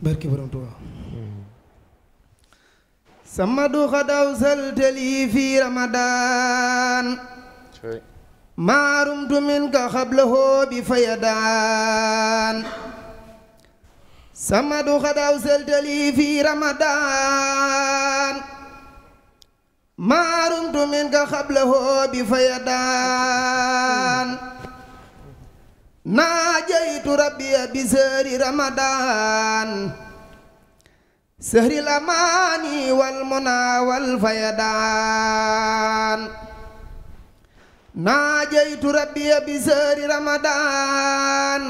barki borom Tuuba sama du xadaw saltali fi ramadan maarum tumin ka xablahoo bi fayadaan sama du xadaw saltali fi ramadan maarum tumin ka xablahoo bi fayadaan naajaytu rabbi bi sëri ramadaan sëri lamaani wal muna wal fayadaan naajaytu rabbi bi sëri ramadaan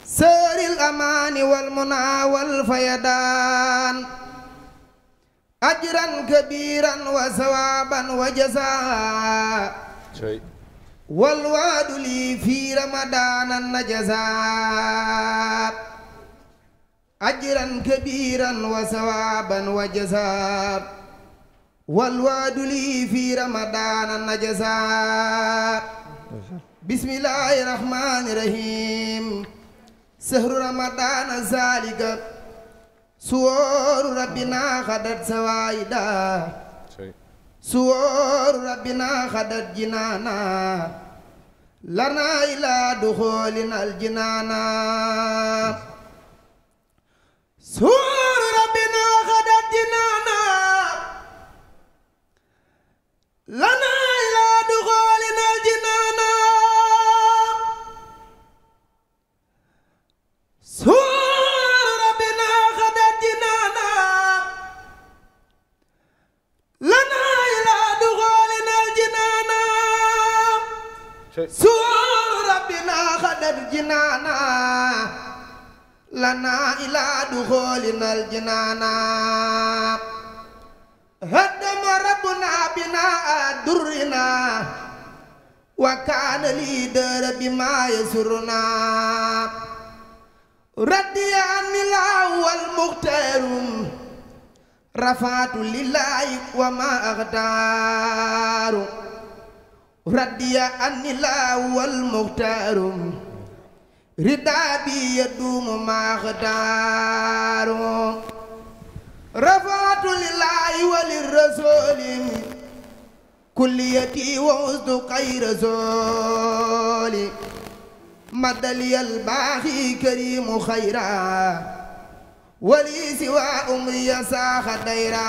sëri lamaani wal muna wal fayadaan ajran kabiiran wa sawaaban wa jazaa والوعد لي في رمضان النجزاء أجرا كبيرا وثوابا وجزاء والوعد لي في رمضان النجزاء بسم الله الرحمن الرحيم سهر رمضان ذلك سور ربنا خدت سوائدا suwooru rabbina xadat jinaana lanaa ilaa duxoolin aljinaana suwooru rabbina xadat jinaana lanaa suura rabbina xadad jinaana lanaa ilaa duxoolina aljinaana haddama rabbuna binaa durrina wa kaana liidara bi maa yasuruna radiya anilaahu wal muxtaarum rafaatu lillaahi wa maa axtaaru رضي عني الله والمختار رضا بي يدوم ما اختار رفعت لله وللرسول كليتي ووزد خير زول مد لي الباخي كريم خيرا ولي سوى أمري ساخ ديرا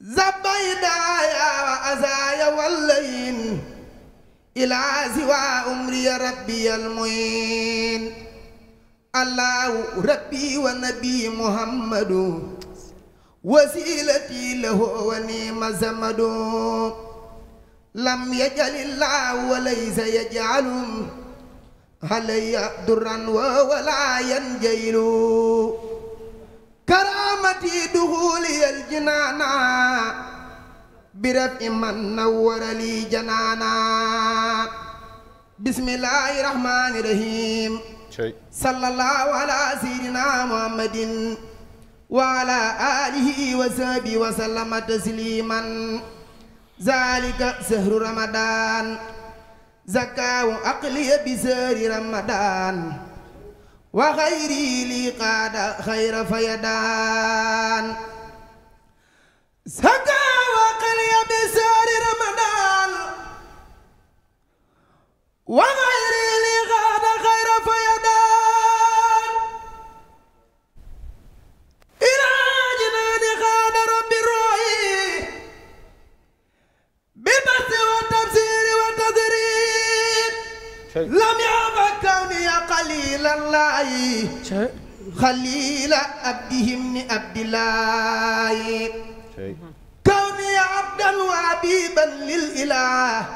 زبيدايا وأزايا واللين إلى سوى أمري ربي المعين الله ربي ونبي محمد وسيلتي له ونعم زمد لم يجعل الله وليس يجعل علي ضرا ولا ينجيل karaamati duxuliyal jinaana biraf iman nawwara lii janaana bismillaahi rahmaani rahiim sallallahu ala sayyidina muhammadin wa ala alihi wa sahbihi wa sallama tasliman zalika sahru ramadan zakaawu aqliya bi sahri ramadan wa xayri lii qaada xayra fayadaan saka wa xalya bi saari ramadaan خليل أبدهم لأبد الله كوني عبدا وعبيبا للإله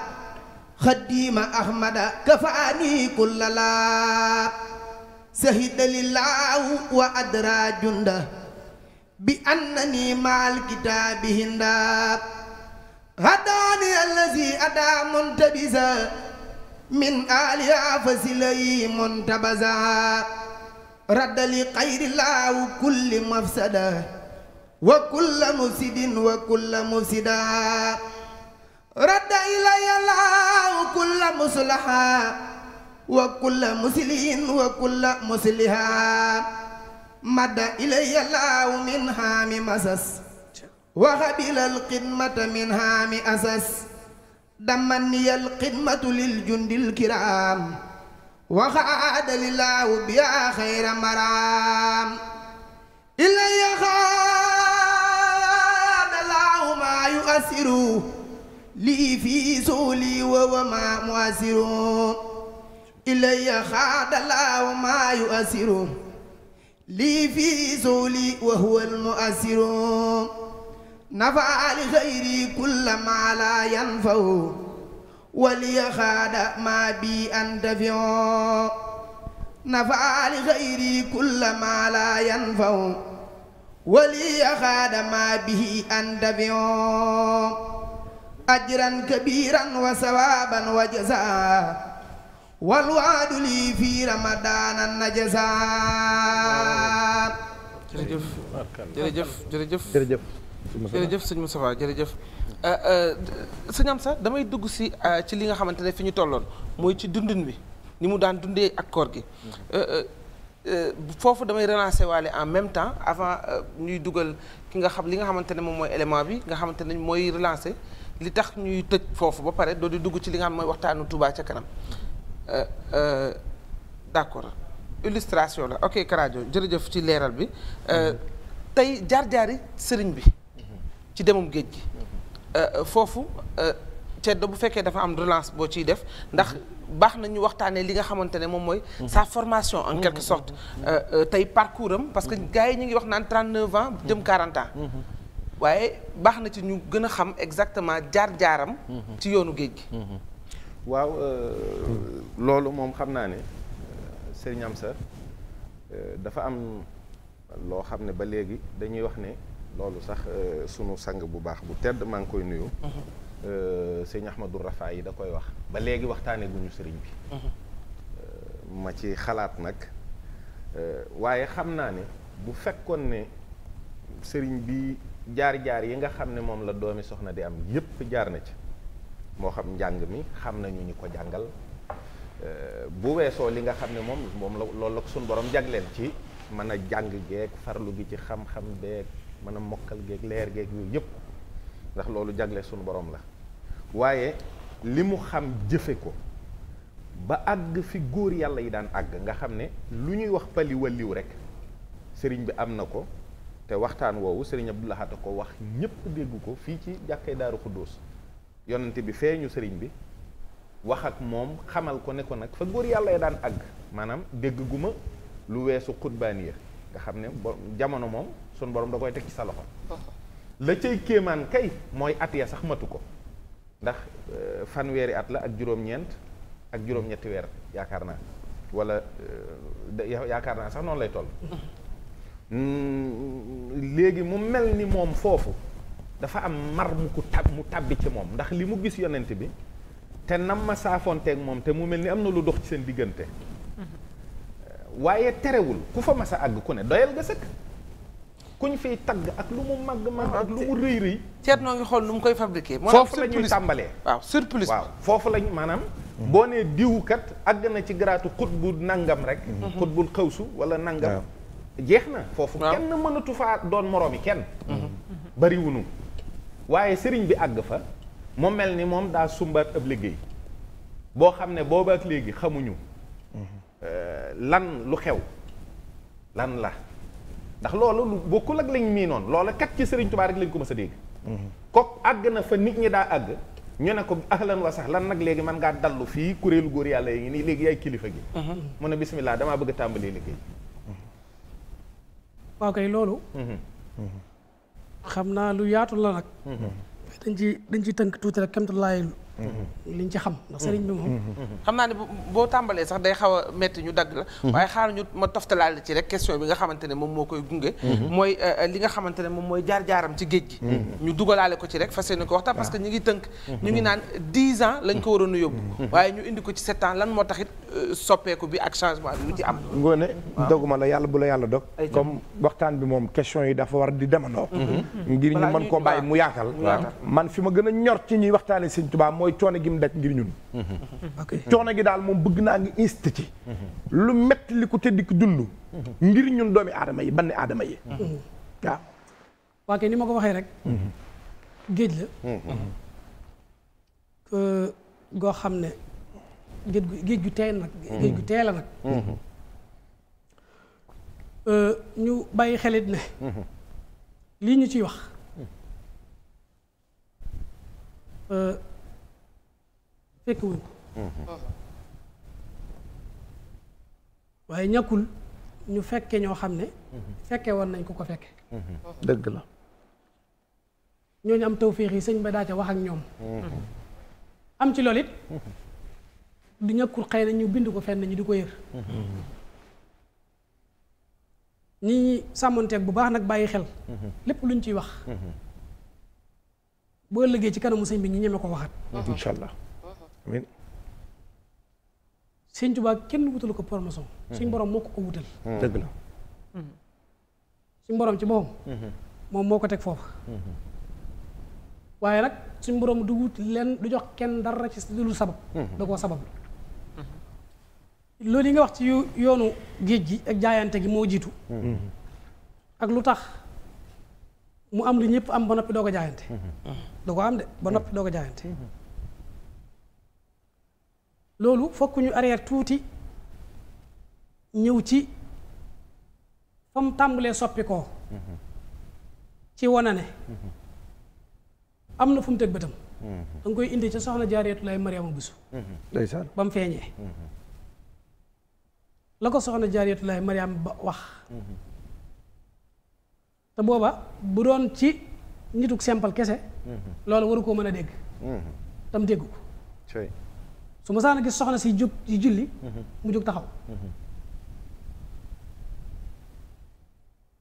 خديم أحمد كفاني كل لا سهد لله وأدرى جنده بأنني مع الكتاب هندا هداني الذي أدى منتبزا من آل عفز لي منتبزا radda li xayri laahu kulli mafsada wa kulla mufsidin wa kulla mufsida radda ilaya laahu kulla muslaha wa kulla muslihin wa kulla musliha madda ilaya laahu min haami masas wa qabila alxidmata min haami asas dammanniya alxidmatu lil jundil kiraam وخعد لله بيا خير مرام إلا يخاد الله ما يؤثر لي في سولي وما مؤثر إلا يخاد الله ما يؤثر لي في سولي وهو المؤثر نفع لخيري كل ما لا ينفع waliya xaada maa bi antafion nafaa li xayri kulla maa laa yanfaw waliya xaada maa bihi antafion ajran kabiran wa sawaban wa jazaa walwaadu lii fi ramadaana najasa jërëjëf jërëjëf jërëjëf jërëjëf sëñ Moustapha jërëjëf Euh, euh, sëñ am sax damay dugg si euh, ci li nga xamante ne fi ñu tolloon mooy ci dundin bi ni mu daan dundee ak koor gi mm-hmm. foofu damay relancer waale en même temps avant ñuy dugal ki nga xam li nga xamante ne moom mooy élément bi nga xamante ne mooy relancer li tax ñuy tëj foofu ba pare doo di dugg ci li nga xam mooy waxtaanu Touba ca kanam d'accord illustration la ok Karajo jërëjëf ci leeral bi mm-hmm. tey jaar-jaari sëriñ bi mm-hmm. ci demum géej gi. Euh, foofu Thiedo euh, bu fekkee dafa am relance boo ciy def ndax baax na ñu waxtaanee li nga xamante ne moom mooy. sa formation en quelque sorte. Euh, tey parcours am parce que gars yi ñu ngi wax naan 39 ans jëm 40 ans. waaye baax na ci ñu gën a xam exactement jaar-jaaram. ci yoonu géej gi. waaw loolu moom xam naa ne Serigne Amsa dafa am loo xam ne ba léegi dañuy wax ne. loolu sax euh, sunu sang bu baax bu tedd maa ngi koy nuyu. Mhm. Euh, sëñ Ahmadou Rafa yi da koy wax. ba léegi waxtaanee guñu sëriñ bi. Mhm. Euh, ma ci xalaat nag waaye xam naa ni bu fekkoon ne sëriñ bi jaar-jaar yi nga xam ne moom la doomi soxna di am yépp jaar na ci moo xam njàng mi xam nañu ñu ko jàngal bu weesoo li nga xam ne moom moom la loolu la ko sunu borom jagleen ci mën a jàng geeg farlu gi ci xam-xam beeg. mën a mokkal géeg leer géeg yooyu yëpp ndax loolu jagle sunu borom la waaye li mu xam jëfe ko ba àgg fi góor yàlla yi daan àgg nga xam ne lu ñuy wax pali walliw rek sëriñ bi am na ko te waxtaan woowu sëriñ Abdou Lahad ko wax ñépp dégg ko fii ci jàkkee daaru xuddoos yonante bi feeñu sëriñ bi wax ak moom xamal ko ne ko nag fa góor yàlla yi daan àgg maanaam dégg gu ma lu weesu xutbaaniya nga xam ne jamono moom sunu borom da koy teg ci sa loxo. la cay kéemaan kay mooy at ya sax matu ko ndax euh, fanweeri at la ak juróom-ñeent ak juróom-ñetti weer yaakaar naa wala euh, yaakaar naa sax noonu lay toll. Mm, léegi mu mel ni moom foofu dafa am mar mu ko tab mu tabbi ci moom ndax li mu gis yonent bi te nam ma saafoonteeg moom te mu mel ni am na lu dox ci seen diggante. waaye terewul ku fa mas a àgg ku ne doyal nga sëkk kuñ fiy tagg ak lu mu màgg màgg ak lu mu rëy rëy. ceet noo ngi xool nu mu koy fabriqué. foofu la ñuy tàmbalee. waaw surplus waaw foofu lañ maanaam. boo nee diwkat àgg na ci garaatu xut bu nangam rek. Mhm. xut bul xawsu wala nangam. jeex na foofu kenn mënatu faa doon moroom moroomi kenn. Mhm. Mhm. bariwunu waaye sëriñ bi àgg fa mu mel ni moom daa sumbaat ab liggéey boo xam ne boobaak léegi xamuñu. Euh, lan lu xew lan la ndax loolu lu bokkul ak lañ miinoon loola kat ci Serigne Touba rek lañ ko mës a dégg. Mhm. kooku àgg na fa nit ñi daa àgg. ñu ne ko ahlan wa sax lan nag léegi man ngaa dallu fii kuréelu góor yàlla yi ngi nii léegi yaay kilifa gi. Mhm. mu a bismillah damaa bëgg a tàmbalee liggéey. Mhm. waaw kay loolu. xam naa lu yaatu la nag. dañ ci dañ ci tënk tuuti rek kéem Mm-hmm. liñ ci xam ndax mm-hmm. sëriñ bi moom. Mm-hmm. xam naa ne boo tàmbalee sax day xaw a métti ñu dagg la. waaye xaar ñu ma toftalaale ci rek question bi nga xamante ne moom moo koy gunge. mooy euh, euh, li nga xamante ne moom mooy jaar-jaaram ci géej gi. ñu dugalaale ko ci rek fas yéene ko waxtaan parce que ah. ñu ngi tënk. ñu ngi naan dix ans lañ ko waroon a yóbbu. waaye ñu indi ko ci sept ans lan moo taxit euh, soppeeku bi ak changement bi lu am. ngoone doguma la yàlla bu la yàlla dog. comme waxtaan bi moom question yi dafa war di demandoo. ngir ñu mën koo bàyyi mu yaakal man fi ma gën a mooy coono gi mu daj ngir ñun mhm. coono gi daal moom bëgg naa ngi insta ci mhm. lu metti li ko te dikk dund mhm. ngir ñun doomi aadama yi banni aadama yi waa kay ni ma ko waxee rek géej la goo xam ne géej gu géej gu tey géej gu tey la nag euh, ñu bàyyi xelit ne lii ñu ciy wax euh, fekk wuñ ko mhm. waaye ñàkkul ñu fekke ñoo xam ne mhm. fekke woon nañ ko ko fekke mhm. dëgg la ñooñu am tawféex yi sëñ ba daa ca wax ak ñoom am ci loolu it du ñàkkul xëy nañ ñu bind ko fenn ñu di ko yër ñi ñi bu baax nag bàyyi xel lépp luñ ciy wax boo ëllëgee ci kanamu sëñ bi ñu ñeme ko waxat amiin sëñ Tuubaa kenn wutalu ko promotion suñ mhm. borom moo ko ko wutal mhm. dëgg la mhm. suñ borom ci boppam moom moo ko teg foofu waaye nag suñ borom du wut leen du jox kenn dara ci lu sabab da koo sabab loolu yi nga wax ci yoonu géej gi ak jaayante gi moo jiitu ak lu tax mu am lu ñëpp am ba noppi doo ko jaayante da ko am de ba noppi doo ko jaayante loolu fokk ñu arrière tuuti ñëw ci fa mu tàmbalee soppi koo ci wana ne am na fum mu teg bëtam mhm. da koy indi ca soxna jaariyatulaay mariama busu mhm. ndeysaan ba mu feeñee mhm. la ko soxna jaariyatulaay mariama ba wax te booba bu doon ci nituk simple kese loolu waru koo mën a dégg tam dégg ko su masaana gis soxna si jóg si julli mu jóg taxaw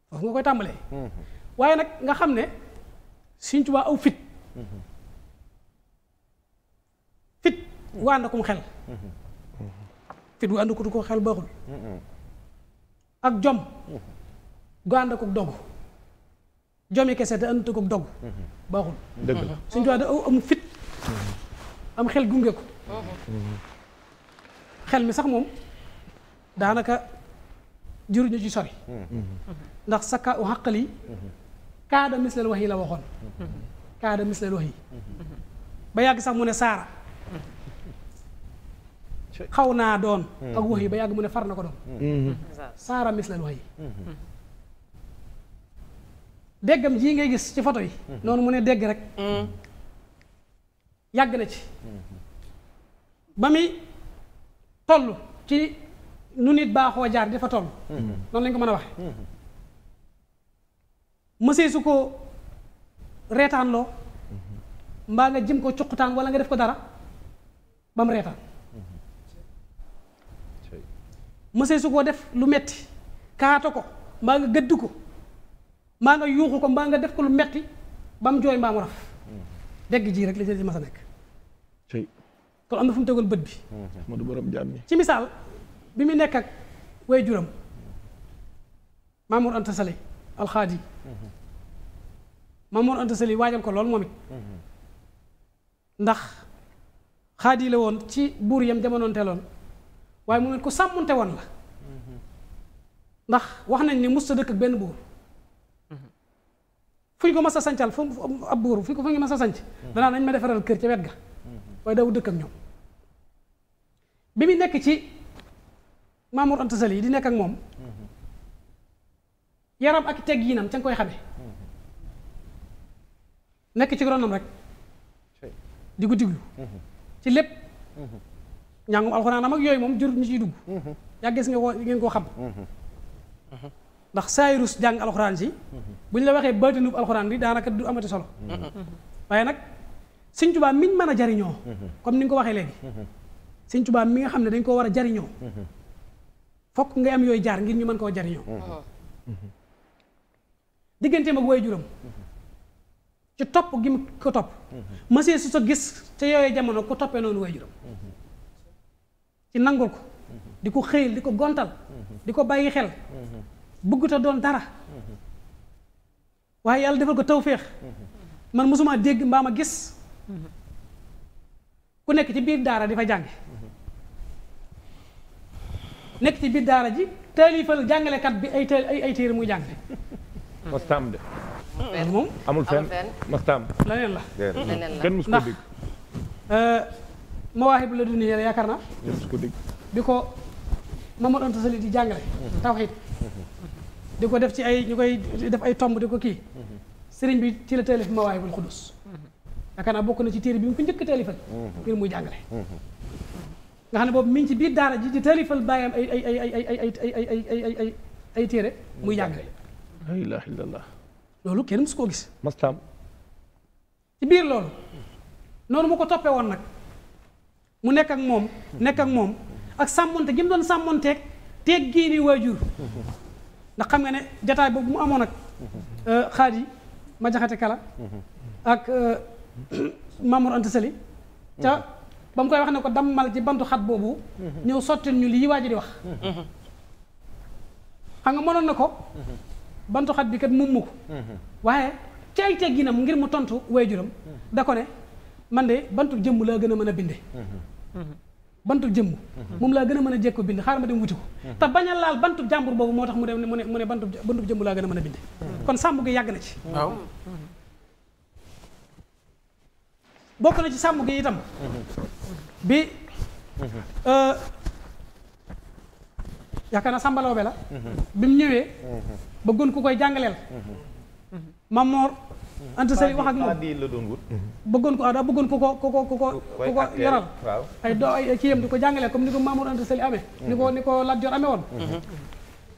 foofu nga koy tàmbalee waaye nag nga xam ne Sëñ Tuubaa aw fit fit gu ànd xel fit gu ànd ko xel baaxul ak jom gu ànd akum jomi kese te ànd akum dogu baaxul Sëñ da aw am fit am xel gunge ko xel mi sax moom daanaka juruñu ci sori ndax sa ka u xàqal kaada misleel wax la waxoon kaada misleel wax ba yàgg sax mu ne saara xaw naa doon ak wax yi ba yàgg mu ne far na ko doon saara misleel wax déggam jii ngay gis ci photo yi noonu mu ne dégg rek yàgg na ci ba muy toll ci nu nit baaxoo jaar dafa toll. Mm-hmm. noonu lañ ko mën a wax mm-hmm. mësee su ko reetaan loo mm-hmm. mbaa nga jëm ko cuqutaan wala nga def ko dara ba mu reetaan. mësee su ko def lu metti kaata ko mbaa nga gëdd ko mbaa nga yuuxu ko mbaa nga def ko lu metti ba mu jooy mbaa mu raf. dégg ji rek la jël ci mas nekk. kon am na fu mu tegoon bët bi. Mhm. moo du borom jaam ñi. ci misaal bi mu nekk ak way juram Mamour Anta Sali alxaadi mhm. Mamour Anta waajal ko lool moom it. Mhm. ndax xaadi la woon ci buur yam jamonoonteeloon waaye moom it ku sàmmunte woon la. ndax wax nañ ni musta dëkk ak benn buur. fu ñu ko mas a sancal fu ab buur fu ñu ko fu ñu mas a sanc. danaa nañ ma defaral kër ca wet ga. waaye daawu dëkk ak ñoom. bi mu nekk ci Mamour Anta yi di nekk ak moom yaram ak teg yinam ca nga koy xame nekk ci ronam rek di ko diglu ci lépp njàngum alxuraanam ak yooyu moom jur ñu ciy dugg yaa gis nga ko ngeen koo xam ndax saayirus jàng alxuraan si bu ñu la waxee baatinub alxuraan bi daanaka du amati solo mm-hmm. waaye nag Sëñ Tuubaa miñ mën a jariñoo comme ni nga ko waxee léegi sëñ Tuubaa mi nga xam ne dañ koo war a jariñoo mhm. fokk ngay am yooyu jaar ngir ñu man koo jariñoo mhm. Oh. Mhm. digganteem ak waajuram ci topp gi mu ko topp mësee sa gis ca yooyu jamono ko toppee noonu waajuram ko di ko xëyil di ko gontal ko bàyyi xel doon dara waaye yàlla defal ko tawféex man mosuma dégg mbaa ma gis ku nekk ci biir daara di fa jànge nekk ci biir daara ji taalifal jàngalekat bi ay ay ay téere muy jàngale. mastaam de. moom la fenn mastaam. leneen la leneen la kenn mus ko dégg. Euh, Mawaahibu Ladunia yéen yaakaar naa. kenn mus ko dégg. bi ko Mamadou di jàngale. Mhm. tawxiid mhm. di ko def ci ay ñu koy def ay tomb di ko kii. Mhm. sëriñ bi ci la taalif Mawaahibul Xudus. yaakaar naa bokk na ci téere bi mu ko njëkk a taalifal. ngir muy jàngale. nga xam ne boobu mi ngi ci biir daara ji di taalifal bàyyam ay ay ay téere muy jàngale. la ilaha illallah. loolu kenn mësu koo gis. mastaam. ci biir loolu. noonu mu ko toppee woon nag. mu nekkak moom. nekk moom ak sàmmonte gi mu doon sàmmonteeg teeg génni waajur. ndax xam nga ne jataay boobu mu amoon ak. xaar yi ma jaxate kala. ak Mamour Anta Sali ba mu koy wax ne ko dammal ci bantu xat boobu. ñëw sottil ñu lii waa ji di wax. xam nga mënoon na ko. bantu xat bi kat mummu ko. waaye ci ay tegginam ngir mu tontu way waajuram da ko ne man de bantu jëmm laa gën a mën a binde. bantu jëmm. moom laa gën a mën a jékko bind xaaral ma dem wuti ko. te bañ laal bantu jàmbur boobu moo tax mu dem mu ne mu ne bantu bantu jëmm laa gën a mën a bind. kon sàmm gi yàgg na ci. bokk na ci sàmm gi itam bi mhm. euh, yaakaar na Samba la mhm. bi mu ñëwee mhm. bëggoon ku koy jàngaleel Mamor Anta Sali wax ak moom bëggoon ko bëggoon ku ko ku ko ko ko yoral ay doo ay kii yam di ko jàngaleel comme ni ko Mamour Anta Sali amee ni ko ni ko Lat Dior woon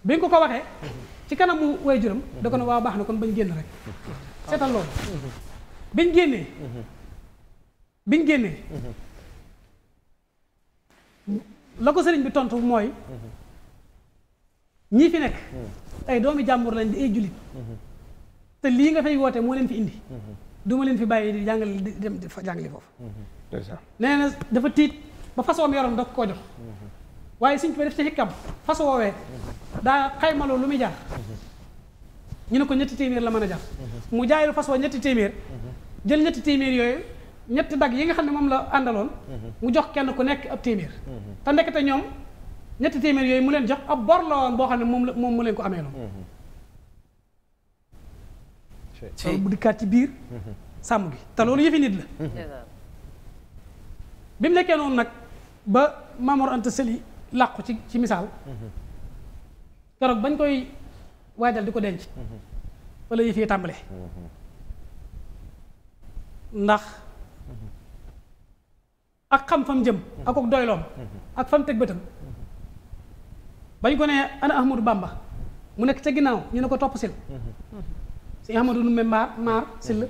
bi nga ko ko waxee ci kanamu waajuram da ko ne waaw baax na kon bañ génn rek seetal loolu biñ génnee biñ génnee la ko sëriñ bi tontu mooy ñii fi nekk ay doomi jàmbur lañ di ay jullit te lii nga fay woote moo leen fi indi duma leen fi bàyyi di jàngale di dem di jàngale foofu nee dafa tiit ba façoom yoroon da koo jox waaye suñ ko def ci xikkam façon daa xaymaloo lu muy jaar ñu ne ko ñetti téeméer la mën a jar mu jaayul façon ñetti téeméer jël ñetti téeméer yooyu ñetti dag yi nga xam ne moom la àndaloon mu jox kenn ku nekk ab téeméer mm-hmm. te ndekete ñoom ñetti téeméer yooyu mu leen jox ab bor la woon boo xam ne moom la mu leen ko amee loon mm-hmm. bu dikkaat ci biir mm-hmm. sàmm gi te loolu yëfi nit la bi mu nekkee noonu nag ba Mamor Anta làqu ci ci misaal keroog bañ koy waajal di ko denc wala yëf yi ndax ak xam fam jëm mhm. ak ak doyloom mhm. ak fam teg bëtam mhm. bañ ko nee ana Ahmadou bàmba mu nekk ca ginnaaw ñu ne ko topp sil si Ahmadou Numbe maar maar sil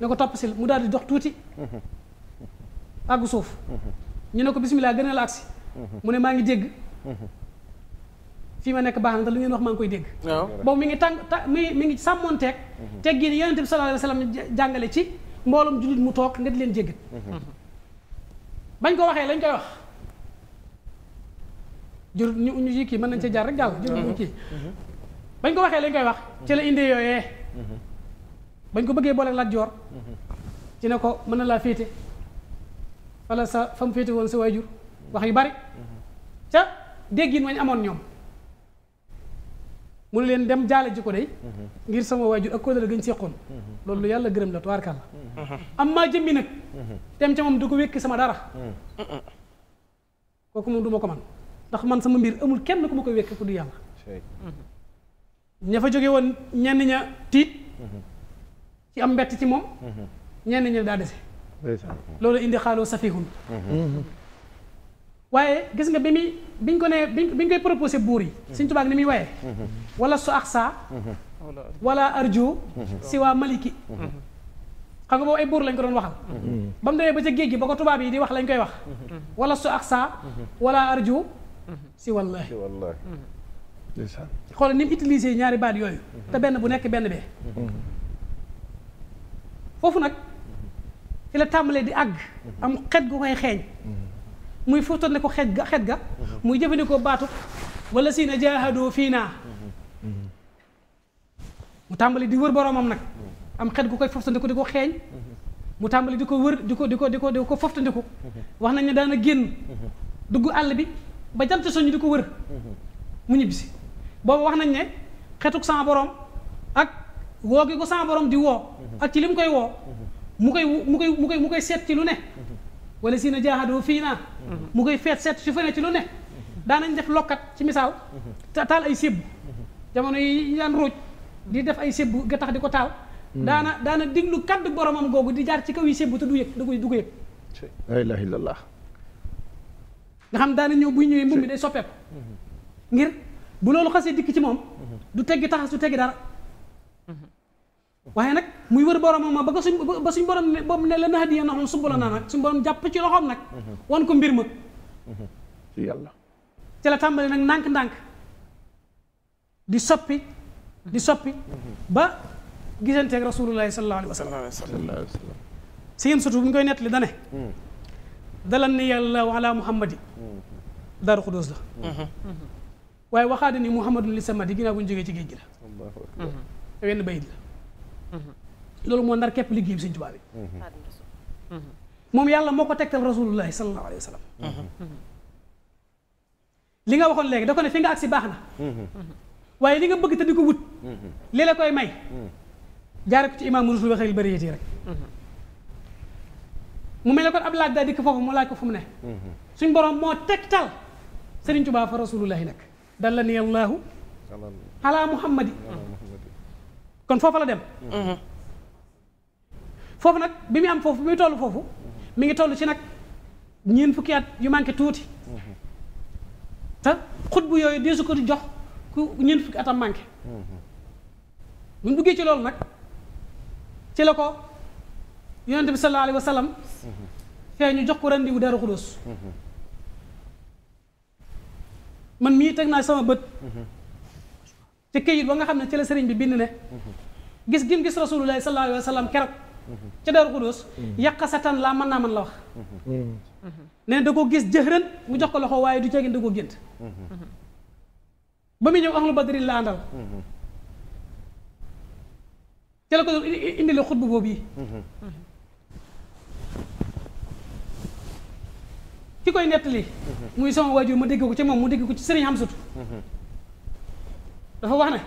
ne ko topp sil mu daal di dox tuuti àggu suuf ñu ne ko bismillah gën a la agsi mu ne maa ngi dégg fii ma nekk baax na te lu ngeen wax maa ngi koy dégg boobu mi ngi tàng mi mi ngi sàmmoonteeg teggin yonente bi sallallahu alayhi wa sallam jàngale ci mboolum jullit mu toog nga di leen jéggat bañ ko waxee lañ koy wax jur ñu ñu yi kii mën nañ ci jaar rek jàll jur ñu kii bañ ko waxee lañ koy wax ci la indi yooyee bañ ko bëggee boole Lat Joor ci ne ko mën na laa féete wala sa fa féete woon sa waajur wax yu bari ca déggin wañ amoon ñoom mu ne leen dem jaale ji ko dey mhm. ngir sama waajur ak kóllëre gañ seqoon mhm. loolu lu yàlla gërëm la tubaarkàlla mhm. am maa jëmmi nag dem ca moom du ko wékki sama dara kooku moom du ma ko man ndax man sama mbir amul kenn ku ma koy wékki ku du yàlla ña fa jóge woon ñenn ña tiit ci am mbett ci moom ñenn ña daa dese loolu indi xaaloo safihun waaye gis nga bi muy bi ñu ko nee bi ñu koy proposé buur yi. Mhm. Sëñ Tuubaa ni muy waye mhm. wala su aksa mhm. wala arju si waa maliki xam nga boobu ay buur lañ ko doon waxal. ba mu demee ba ca géej gi ba ko tubaab yi di wax lañ koy wax. wala su aksa wala arju si wallaahi. xool ni mu ñaari baat yooyu. te benn bu nekk benn bee. foofu nag fi la tàmbalee di àgg. am xet gu koy xeeñ. muy furtoon ne xeet ga xeet ga mhm. muy jëfandikoo baatu wala siina na jaahadoo fii naa mhm. mhm. mu tàmbali di wër boroomam nag am xet gu koy foftandiku di ko xeeñ mu tàmbali di ko wër di ko di ko di ko foftandiku wax nañ ne daana génn dugg àll bi ba jant soñu di ko wër mu ñibbisi boobu wax nañ ne xetuk sama borom ak woo gi ko sama borom di woo ak ci li mu koy woo mu koy mu koy mu koy mu koy seet ci lu ne wala si na jaahadu fii naa mu koy feet seet su fa ne ci lu ne daanañ def lokkat ci misaal taal ay sébb jamono yi ñu daan ruuj di def ay sébb ga di ko taal daana daana diglu kaddu boromam googu di jaar ci kaw yi sébb te du yëg du ko du ko yëg la ilaha nga xam daana ñëw buy ñëwee mbubb mi day soppeeku ngir bu loolu xasee dikk ci moom du teggi taxas du teggi dara waaye nag muy wër boromam ma ba ko suñ ba suñ borom ne boobu ne la nax di yéen sumbala naa nag suñ borom jàpp ci loxoom nag. Mhm. wan ko mbir ma. Mhm. ci yàlla. ci la tàmbali nag ndànk-ndànk di soppi di soppi. Mhm. ba gisanteeg rasulullahi sallallahu alayhi wa sallam. sallallahu alayhi wa sallam. seen sutu bu ñu koy nettali dane hmm. dalan ni yàlla ala muhammadi hmm. daaru xudóos la hmm. waaye waxaade ni muhammadun li samadi ginnaaw bu ñu jógee ci géej gi la wenn bayit la Mhm. loolu moo ndar képp liggéeyam sëñ Tuubaa bi mhm. Mhm. moom yàlla moo ko tegtal rasulullahi sallallahu alayhi wa sallam li nga waxoon léegi da ko ne fi nga agsi baax na waaye li nga bëgg te di ko wut li la koy may jaare ko ci imaamu rusul waxee bari yéet yi rek mu mel ne kon ab laaj daa dikk foofu mu laaj ko fu mu ne suñ borom moo tegtal sëriñ Tuubaa fa rasulullahi nag dalla ni allahu muhammadi kon foofa la dem. Mm-hmm. foofu nag bi muy am foofu muy toll foofu mi ngi toll ci nag ñeent fukki at yu manqué tuuti. Mm-hmm. te xutbu yooyu deesu ko di jox ku ñeent fukki atam manqué. Mm-hmm. bu ñu duggee ci loolu nag ci la ko yonente bi sallallahu alayhi wa fee ñu jox ko rendi wu Daaru Xudóos. man mii teg naa sama bët. ci këyit ba nga xam ne ci la sëriñ bi bind ne gis gim gis rasulullahi sallallahu alayhi wa sallam keroog ca Daaru Xudoos yàqasatan laa mën naa mën la wax nee da ko gis jëxërën mu jox ko loxo waaye du cagin da ko gént ba muy ñëw ahlu badrin la àndal ci la ko boobu yi ki koy nettali muy sama waajur ma dégg ko ci moom mu dégg ko ci sëriñ Hamsatu dafa wax ne. Mhm.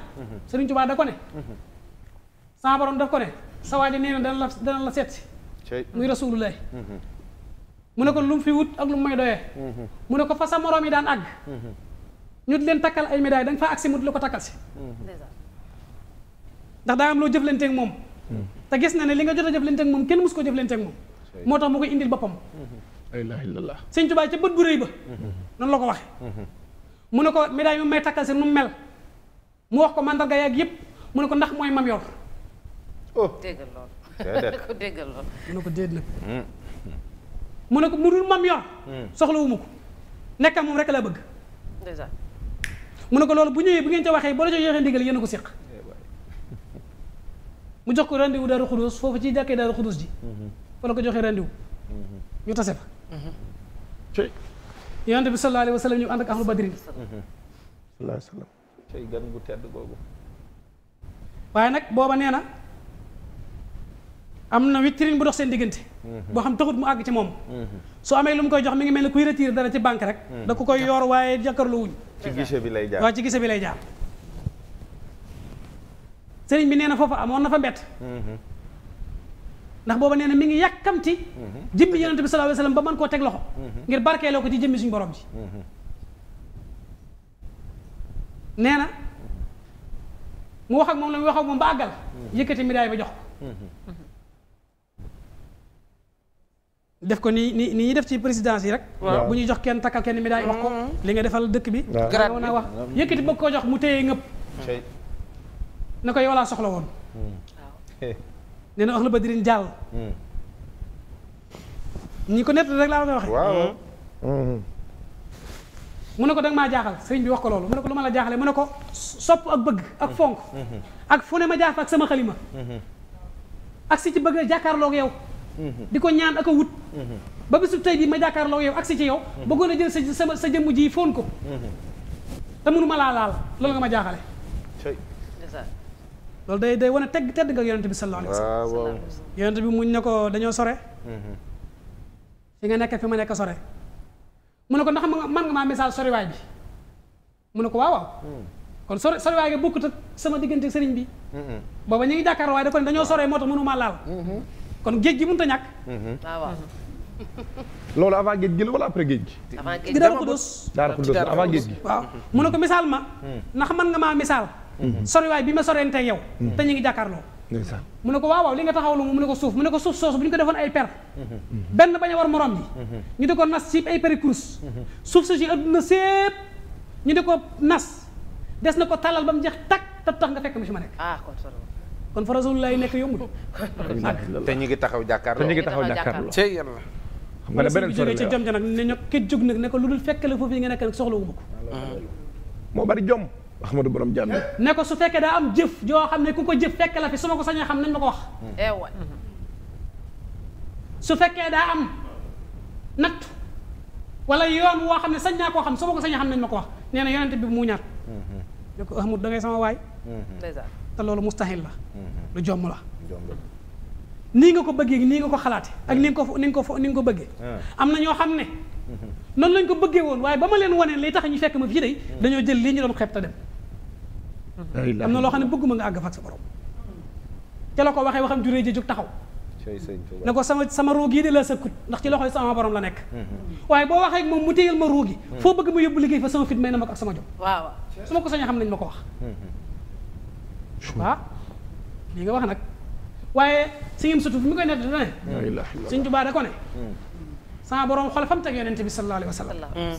Serigne Touba da ko ne. Mhm. sama borom daf ko ne sa waa nee na dana la dana la seet si. muy rasulullah mhm. mu ne ko lu mu fi wut ak lu mu may doyee. mu ne ko fa sa moroom yi daan àgg. ñu di leen takkal ay médailles da nga faa agsi mu di la ko takkal si. ndax daa am loo jëflanteeg moom. te gis na ne li nga jot a jëflanteeg moom kenn mus ko jëflanteeg moom. moo tax mu ko indil boppam. la ilaha illallah. sëñ Tuubaa ca bët bu rëy ba. noonu la ko waxee. mu ne ko médaille yi may takkal si nu mu wax ko mandarga yaag yépp mu ne ko ndax mooy mam yor. oh mu ne ko déet nag. Hmm. mu ne ko mu dul mam yor. Hmm. soxlawu ko nekkam moom rek laa bëgg. dèjà. mu ne ko loolu bu ñëwee bu ngeen ca waxee ba la ca joxee ndigal yéen ko séq. mu jox ko rendez-vous daaru xudus foofu ci jàkkee daaru xudus ji. Hmm. fa la ko joxee rendez ñu tase fa. yonent bi sallallahu alayhi wa ñu ànd ak ahlu badrin. cay gan bu tedd googu waaye nag booba nee na am na vitrine bu dox seen diggante mhm. boo xam taxut mu àgg ci moom mhm. su amee lu mu koy jox mi ngi mel ni kuy retiré dara ci banque rek mhm. da ko koy yor waaye jàkkarloo wuñ ci guichet bi lay jaar waaw ci bi lay jaar sëriñ bi nee na foofa amoon na fa mbett ndax booba nee na mi ngi yàkkamti jëmmi yonente bi sallallahu alayhi wasallam ba mën koo teg loxo ngir barkeeloo ko ci jëmmi suñu borom ji nee na mu wax moom la mu wax ak moom ba àggal yëkkati médaille ba jox ko def ko ni ni ni ñuy def ci présidence yi rek bu ñuy jox kenn takkal kenn médaille wax ko mm-hmm. li nga defal dëkk bi garab naa wax yëkkati bëgg koo jox mu téye ngëpp na ko yow soxla woon mm. nee na wax la ba dirin jàll mm. ñi ko nett rek laa la koy mu ne ko danga maa jaaxal sëriñ bi wax ko loolu mu ne ko lu ma la jaaxalee mu ne ko sopp ak bëgg ak fonk ak fu ne ma jaaf ak sama xalima ak si ci bëgg a jàkkaarloog yow di ko ñaan ak a wut ba bisu tey bi ma jàkkaarloog yow ak si ci yow bëggoon a jël sa sama sa jëmm ji fóon ko te mënu ma laa laal loolu nga ma jaaxale loolu day day wane teg tedd nga yonente bi sallallahu alayhi wasallam bi muñ ne ko dañoo sore mhm. fi nga nekk fi ma nekk sore mu ne ko ndax man nga maa message soriwaay bi mu ne ko waaw waaw hmm. kon sori soriwaay nga bokkut sama diggante sëriñ bi booba ñu ngi jàkkaarloo waaye da ko ne dañoo soree moo tax mënuma kon géej gi mënut a ñàkk ah, loolu avant géej la wala après géej gi gi daara xudus daara xudus avant géej gi waaw mu na ko misaal ma hmm. ndax man nga maa misaal soriwaay bi ma sorente yow te ñu ngi jàkkaarloo mu ne ko waaw li nga taxaw taxawlu mu ne ko suuf mu ne ko suuf soosu bu ñu ko defoon ay per benn bañ a war morom ji mhm. ñu di ko nas si ay peri kurus suuf sa si adduna sépp ñu di ko nas des na ko tàllal ba mu jeex tak te tax nga fekk ma si ma nekk ah, kon fa rasulullah nekk yombul te ñu ngi taxaw jàkkaarloo te ñu ngi taxaw jàkkaarloo ci xam nga ne beneen sori ci ja nag ne ño ke nag ne ko lu dul fekk la foofu yi nga nekk wu ko moo bari jom Ahmadou borom jàmm ne ko su fekkee daa am jëf joo xam ne ku ko jëf fekk la fi su ma ko sañee xam nañ ma ko wax ewa eh, su fekkee daa am natt wala yoon woo xam ne sañ naa koo xam su ma ko sañee xam nañ ma ko wax nee na yonente bi mu ñaat ne ko Ahmadou da ngay sama waay te loolu mustahil la lu jomm nii nga ko bëggee nii nga ko xalaate ak ni ko ni nga ko ni nga ko bëggee ah. am na ñoo xam ne noonu lañ ko bëggee woon waaye ba ma leen wane lay tax ñu fekkee ma fii day hmm. dañoo jël lii ñu doon xeeb te dem am na loo xam ne bëgguma nga àgg fa ak sa borom ca la ko waxee waxam juree ji jóg taxaw na ko sama sama ruug yi de la sëkkut ndax ci loxoy sama borom la nekk mm-hmm. waaye boo waxee moom mu téyal ma ruugi mm. foo bëgg ma yóbbu liggéey fa sama fit may na ma ko ak sama jom waaw su ma ko sañoo xam nañ ma ko wax mm-hmm. ah, nga wax nag waaye singim sutu fi mu koy nett dana ne suñ tubaa da ko ne mm. sama borom xool fam teg yonente bi sallallahu alayhi wa sallam mm.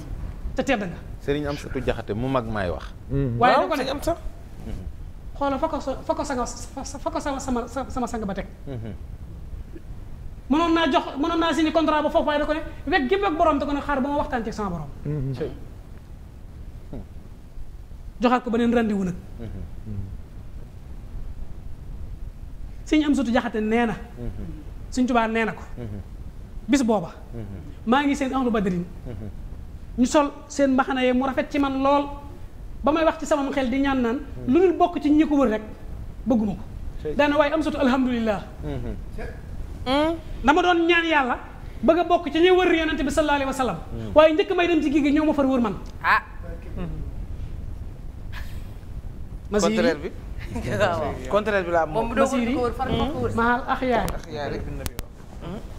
te tedd nga sëriñ am sutu jaxate mu mag maay wax waaye da ko ne am sax xoolal fa ko fa ko saga fa ko sama sama sama sang ba teg. Mhm. mënoon naa jox mënoon naa signé contrat ba foofu waaye da ko ne wekk gi ak borom da ko ne xaar ba ma waxtaan ci sama borom. Mhm. joxaat ko beneen rendez-vous nag. Mhm. suñu am sutu jaxate nee na. suñ tubaa nee na ko. bis booba. maa ngi seen ahlu badrin ñu sol seen mbaxana yee mu rafet ci man lool. ba may wax ci sama xel di ñaan naan lu dul bokk ci ñi ko wër rek bëgguma ko daana waaye am satu alhamdulilah mm-hmm. mm. dama doon ñaan yàlla bëgg a bokk ci ñi wër yonente bi sallallahu alayhi mm. waaye njëkk may dem ci gi ñëw ma far wër man ah contraire bi contraire bi laa moom masiri mm-hmm. mahal axyaar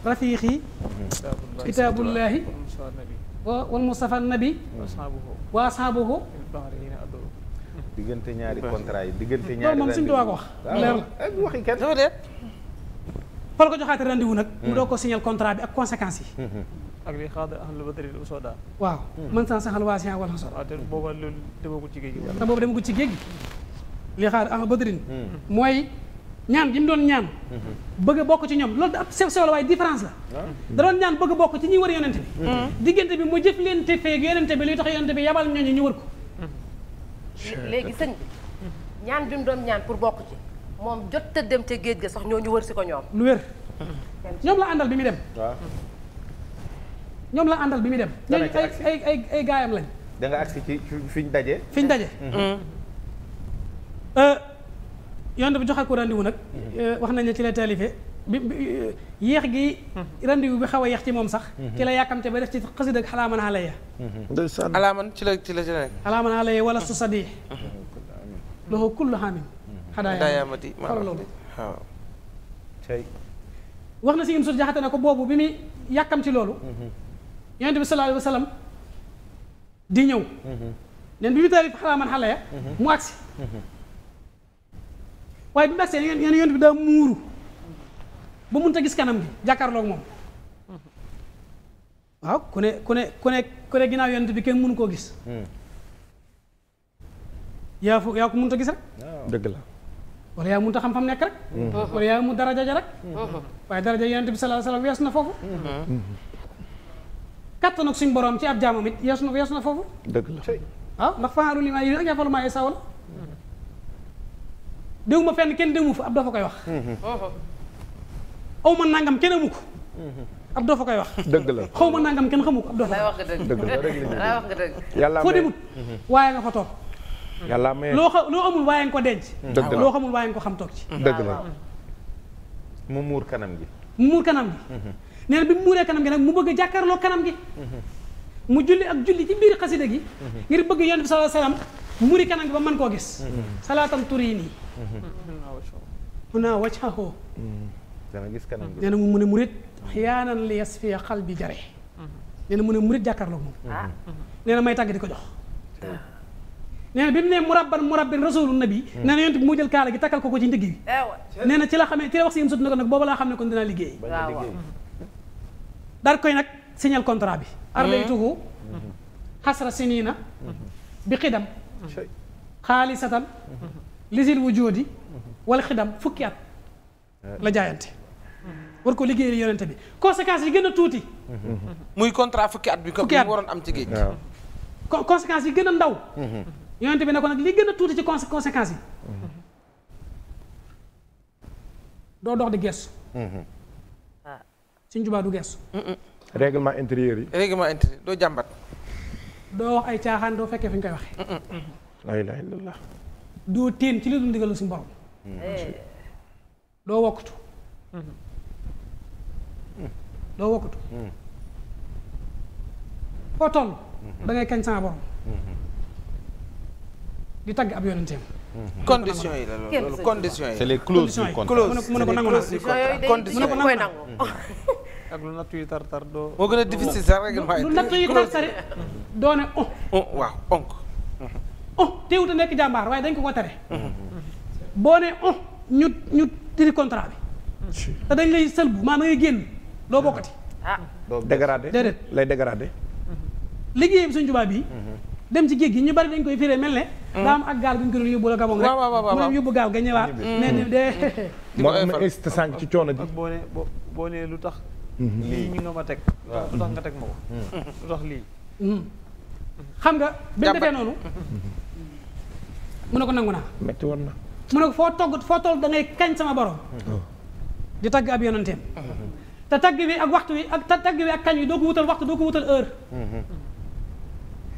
rafiixi mm. mm-hmm. kitaabullahi wal mustafa nabi wa asxaabuhu diggante ñaari contrat yi diggante ñaari. moom suñu tubaab ko wax. leer la ah, ah, waxi kenn. dafa dee. par ko joxaate rendez-vous nag. mu hmm. doo ko signal contrat bi ak conséquences yi. Hmm, hmm. ak li xaar ahlu badri al usada waaw man sax saxal waa Sien wala Soro. te boobu loolu ci géej gi. te boobu demagul ci géej gi. li xaar ahlu badrin mooy ñaan gi mu doon ñaan. bëgg a bokk ci ñoom loolu la waaye différence la. Ah. da doon ñaan a bokk ci ñi war yonente bi. diggante bi mu jëflante feeg yonente bi luy tax yonente bi yabal ñooñu ñu wër ko. léegi sëñ bi ñaan bi mu doon ñaan pour bokk ci moom jot te dem ca géej ga sax ñoo ñu wër si ko ñoom lu wér ñoom la àndal bi muy dem waaw ñoom la àndal bi muy dem ñooñu ay ay ay ay gaayam lañ da nga agsi ci fi ñu dajee fi ñu daje mhm. euh, yoon bi jox ko rendez nag mhm. euh, wax nañ ci la taalifee bi yéex gi. Mhm. rendez-vous bi xaw a ci moom sax. Mhm. ci la yàkkamte ba def ci xasida ak xalaaman alaya. Mhm. ndeysaan alaaman ci la ci la ci la. alaaman alaya wala wax na si in su ko boobu bi muy yàkkam ci loolu. yonent bi sallallahu di ñëw. nen bi mu taalif xalaaman alaya. mu agsi. waaye bi mu agsee yonent bi daa muuru. ba mënut a gis kanam gi jàkkaarloog moom waaw ku ne ku ne ku ne ku ne ginnaaw yonent bi kenn mënu koo gis. Hmm. yaa fo yaa ko mënut a gis rek. dëgg la. wala yaa mënut a xam fam nekk rek. Hmm. wala mu daraja ja rek. waaye daraja yonent bi sallallahu alayhi wasallam na foofu. Hmm. kattan ak suñu borom ci ab jaamam it yeesu na na foofu. dëgg la waaw ndax faalu li ma yi rek yafalu ma ay saw la. déw ma fenn kenn déwu fa ab dafa koy wax. aw ma nangam kenn amu ko. Mhm. ab doo fa koy wax. dëgg la xaw ma nangam kenn xamu ko ab doo fa. wax nga dëgg la wax nga dëgg. yàlla foo demut mhm. waaye nga fa toog. yàlla maye loo xa loo amul waaye nga ko denc. Mhm. dëgg la loo xamul waaye nga ko xam toog ci. dëgg la mu muur kanam gi. mu muur kanam gi. nee na bi mu muuree kanam gi nag mu bëgg a jàkkaarloo kanam gi. mu julli ak julli ci biir xasida gi. ngir bëgg yonent bi sallallahu alayhi wasallam muri kanam gi ba mën koo gis. salaatam turi nii. mun naa wàcc dana gis kanam ah. nee mu ne murit xiyaanan li yas fiya xal bi jare mm-hmm. nee mu ne murit jàkkaarloo moom mm-hmm. mm-hmm. nee may tàgg di ko jox ah. nee bi mu ne murabban murabbin rasulu nabi mm. nee na bi mu jël kaala gi takkal ko ko ci ndigg bi nee na ci la xamee ci la wax si yim sut ne ko nag booba laa xam ne kon dinaa liggéey ah, daal koy nag signal contrat bi ardaytuhu xasra sinina bi xidam xaalisatan lisil wujoodi wal xidam fukki at eh. la jaayante war ko liggéeyal yonente bi conséquences yi gën a tuuti. fukki at bi. fukki at bi waroon am ci géej gi. conséquences yi gën a ndaw. Mhm. yonente bi ne ko nag li gën a tuuti ci conséquences yi. Mhm. doo dox di gestu. Mhm. suñ jubaa du gestu. règlement intérieur yi. règlement intérieur doo jàmbat. doo wax ay caaxaan doo fekkee fi ñu koy waxe la ilaha illallah. doo teen ci li dul ndigalu suñu borom. Mm-hmm. doo wokkutu. Mm-hmm. Hmm. doo wokkatu hmm. foo toll hmm. da ngay kañ sama borom di tagg ab yonenteem condition yi la loolu condition yi c'est les clauses du contrat mu ne ko nangu naa condition yi koy nangu ak lu nattu yi tar tar doo moo gën a difficile sax règlement lu nattu yi tar tar doo ne on on waaw onk on teewut a nekk jàmbaar waaye dañ ko ko tere boo ne on ñu ñu tiri contrat bi te dañ lay sëlbu maa na ngay génn doo bokkati. ah doo dégradé déedéet lay dégradé. Mm-hmm. liggéeyam Sëñ Tuubaa bi mm-hmm. dem ci géej gi ñu bari dañ koy firee mel ne. Mm. daa am ak gaal gu ñu ko doon yóbbu la Gabon rek. mu ga ñëwaat. mais ni de. moo ma insisté sànq ci coono boo lu tax. lii ñu nga teg. lu tax xam nga mm-hmm. mu ne ko nangu naa. metti woon na. mu ne ko foo togg foo toll da kañ sama borom. di tagg ab yonanteem. te tagg bi ak waxtu wi ak tagg bi ak kañ wi doo ko wutal waxtu doo ko wutal heure mhm.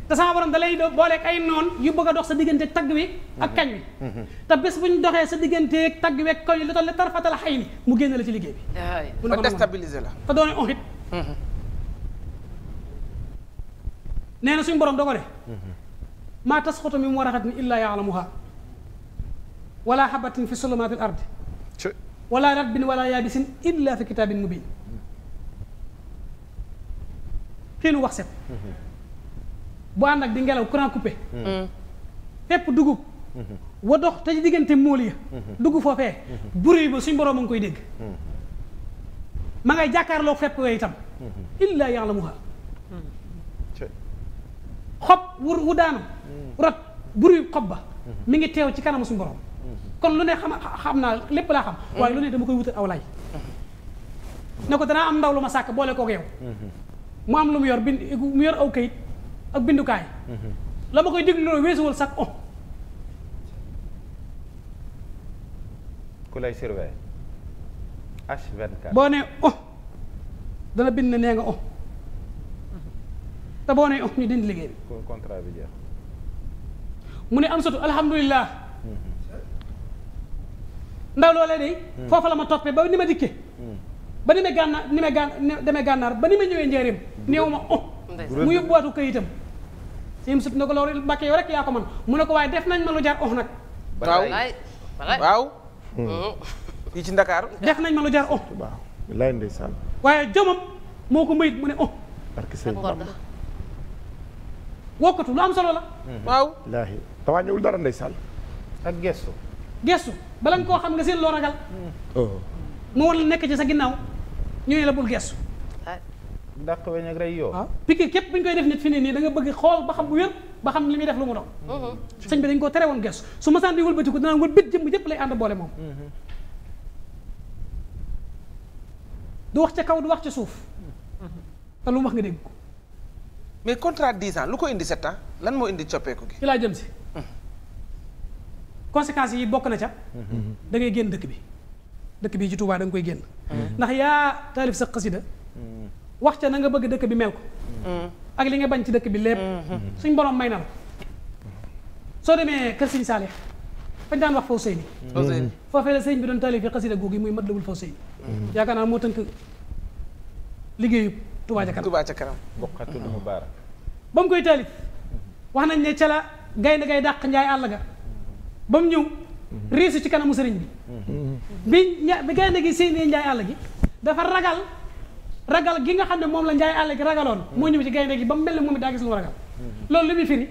te sama borom da lay booleeg noon yu bëgg dox sa diggante tagg wi ak kañ wi mhm. Mhm. te bés bu ñu doxee sa digganteeg tagg wi ak kañ wi lu toll tarfatal mu génn la ci liggéey bi ba déstabiliser la te na suñu borom da ko de maa tasxutu min waraqatin illaa yaalamuha wala habatin fi sulumaati al ardi wala ratbin wala yaabisin illa fi kitaabin mubin teelu wax set bu ànd ak di ngelaw courant coupé mm-hmm. fépp dugub mm-hmm. wa dox te diggante mool ya mm-hmm. dugg foofee bruit ba suñ boroom a koy dégg ma ngay jàkkaarloo fepp yooyu itam illaa ya'lamuha xob wur wu daanu rot bruit xob ba mu ngi teew ci kanam suñu borom kon lu ne xam xam naa lépp laa xam waaye lu ne dama koy wutal aw lay ne ko danaa am ndaw lu ma sàkk boole kook yow mu am lu mu yor bind mu yor aw kayit ak bindukaay. Mm-hmm. la ma koy déglu loolu weesuwul sax on. ku lay surveiller boo nee on dana bind ne nee nga on te boo nee on ñu dindi liggéey bi. contrat mu ne am sotu alhamdulilah. Mm-hmm. ndaw loolee de. Mm. foofa la ma toppee ba ni ma dikkee. Mm. ba ni ma gànnaar ni ma gànnaar ba ni ma ñëwee njëriñ néew ma oh. mu yóbbuwaatu këyitam. sëñ bi ne ko loolu mbàkke yow rek yaa ko man mu ne ko waaye def nañ ma lu jaar oh nag. Hmm. ci Ndakaaru. def nañ ma lu jaar oh. waaye jomam moo ko mayit mu ne oh. wokkatu lu am solo la. Hmm. waaw. wallaahi tawaañewul dara ndeysaan. ak xam nga seen loo ragal. Oh. mu war la nekk ci sa ginnaaw. ñu ne la bul gestu. dàq weñ ak rey yoo. waaw ah, piqûre képp bu ñu koy def nit fi ne nii da nga bëgg xool ba xam bu wér ba xam li muy def lu mu doon. Mm-hmm. sëñ bi dañ koo tere woon gestu su ma sant di wëlbatiku dinaa wëlbat jëmm yëpp lay ànd boole moom. Mm-hmm. du wax ca kaw du wax ca suuf. Mm-hmm. te lu wax nga dégg ko. mais contrat dix ans lu ko indi sept ans lan moo indi coppeeku gi. ci laa jëm si. conséquences yi bokk na ca. da ngay génn dëkk bi. dëkk bii ci Touba da koy génn mm. ndax yaa taalif sa xasida mm. wax ca na nga bëgg dëkk bi mel ko mm. ak li nga bañ ci dëkk bi lépp mm-hmm. mm-hmm. suñ borom may na la soo demee kër Sëñ Saalix fañ daan wax faw sëy ni foofee la sëñ bi doon taalif yi xasida googu muy mat lawul faw sëy ni mm-hmm. yaakaar naa moo tënk liggéeyu Touba ca kanam Touba ca kanam bokkatul mubaarak ba mu koy taalif wax nañ ne ca gaynde gay dàq njaay àll ga ba ñëw réussir ci kanamu sëriñ bi. bi ña bi gaynde gi séenee njaay àll gi dafa ragal ragal gi nga xam ne moom la njaay àll gi ragaloon. moo ñëw ci gaynde gi ba mu mel ne moom it daa gis lu ragal. loolu li muy firi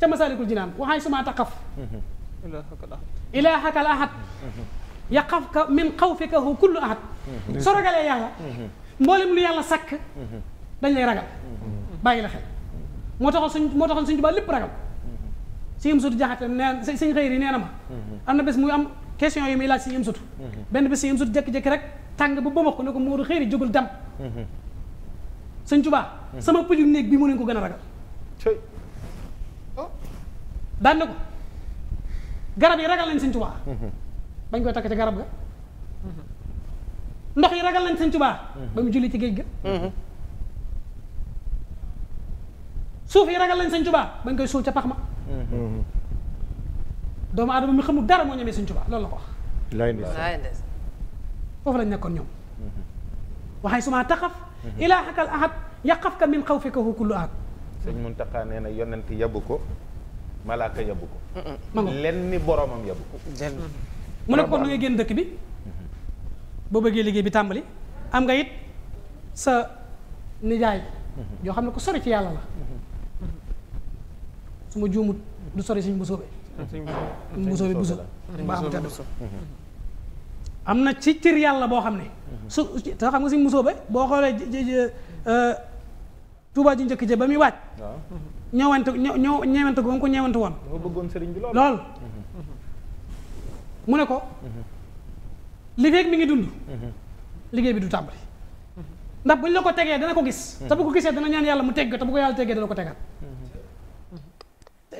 ca masaalikul jinaan waxaay suma taqaf. ilaa xakal ahad yaqaf ka min xawfika hu kullu ahad. soo ragalee yàlla. mboolem lu yàlla sakk. dañ lay ragal. bàyyi la xel moo tax suñ moo tax suñ tubaab lépp ragal. si yëm sutu jaxate neen sëñ xëyr yi nee mhm. am na bés muy am question yi muy laaj si yëm sutu mhm. benn bés si yëm sutu jékki jekki rek tàng ba bëma ko ne ko Moodu xëyr yi jógul dem mhm. sëñ Tuubaa sama pëju néeg bi mu leen ko gën a ragal oh. daan garab yi ragal nañ sëñ Tuubaa bañ koy takk ci garab ga ndox yi ragal nañ sëñ Tuubaa ba mu julli ci géej ga suuf yi ragal nañ sëñ Tuubaa bañ koy suul ca pax ma Mm-hmm. doomu adama mi xamul dara moo ñemee Sëñ Tuubaa loolu la ko wax. foofu lañ nekkoon ñoom. Mm-hmm. waxay suma taxaf. Mm-hmm. ilaa xakal ahad yaqaf ka min xawfika hu kullu ahad. sëñ Muntaxa nee na yonent yabu ko malaaka yabu ko. lenn ni boromam yabu ko. mu ne kon na génn dëkk bi. boo bëggee liggéey bi tàmbali. am nga it sa nijaay. yoo xam ne ko sori ci yàlla la. su ma juumut du sore suñ busóobe suñ busóobe buso baa xam am na ci cër yàlla boo xam ne mhm. su te xam nga suñ busóobe boo xoolee Touba ji euh, njëkk ja ba muy waaj ñëwante ñëw ñëwante ko ba ko ñëwante woon bëggoon sëriñ bi lool mhm. mu ne ko mhm. li feeg mi ngi dund liggéey bi du tàmbali ndax bu ñu la ko tegee dana ko gis te bu ko gisee dana ñaan yàlla mu tegg te bu ko yàlla tegee dana ko tegaat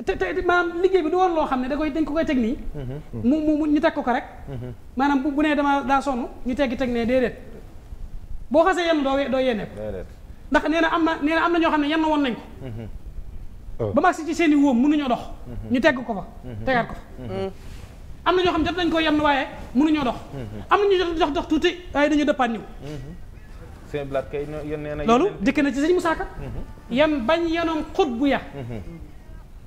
te te maanaam liggéey bi du woon loo xam ne da koy dañ teg nii. Mm-hmm. mu mu ñu teg ko ko rek. Mm-hmm. maanaam bu bu nee dama daa sonn ñu teggi teg nee déedéet boo xasee yenn doo doo yéene ndax nee na am na nee am na ñoo xam ne yenn woon nañ ko. Mm-hmm. Oh. ba mu ci seeni i wóom mënuñoo dox. ñu tegg ko fa tegaat ko am na ñoo xam ne jot nañ ko yenn waaye mënuñoo dox. am na ñu jot dox dox tuuti waaye dañu dëppaat ñëw. seen blaat nee na loolu dikk na ci sëñ Musaa Ka. yan bañ yenoon xut bu ya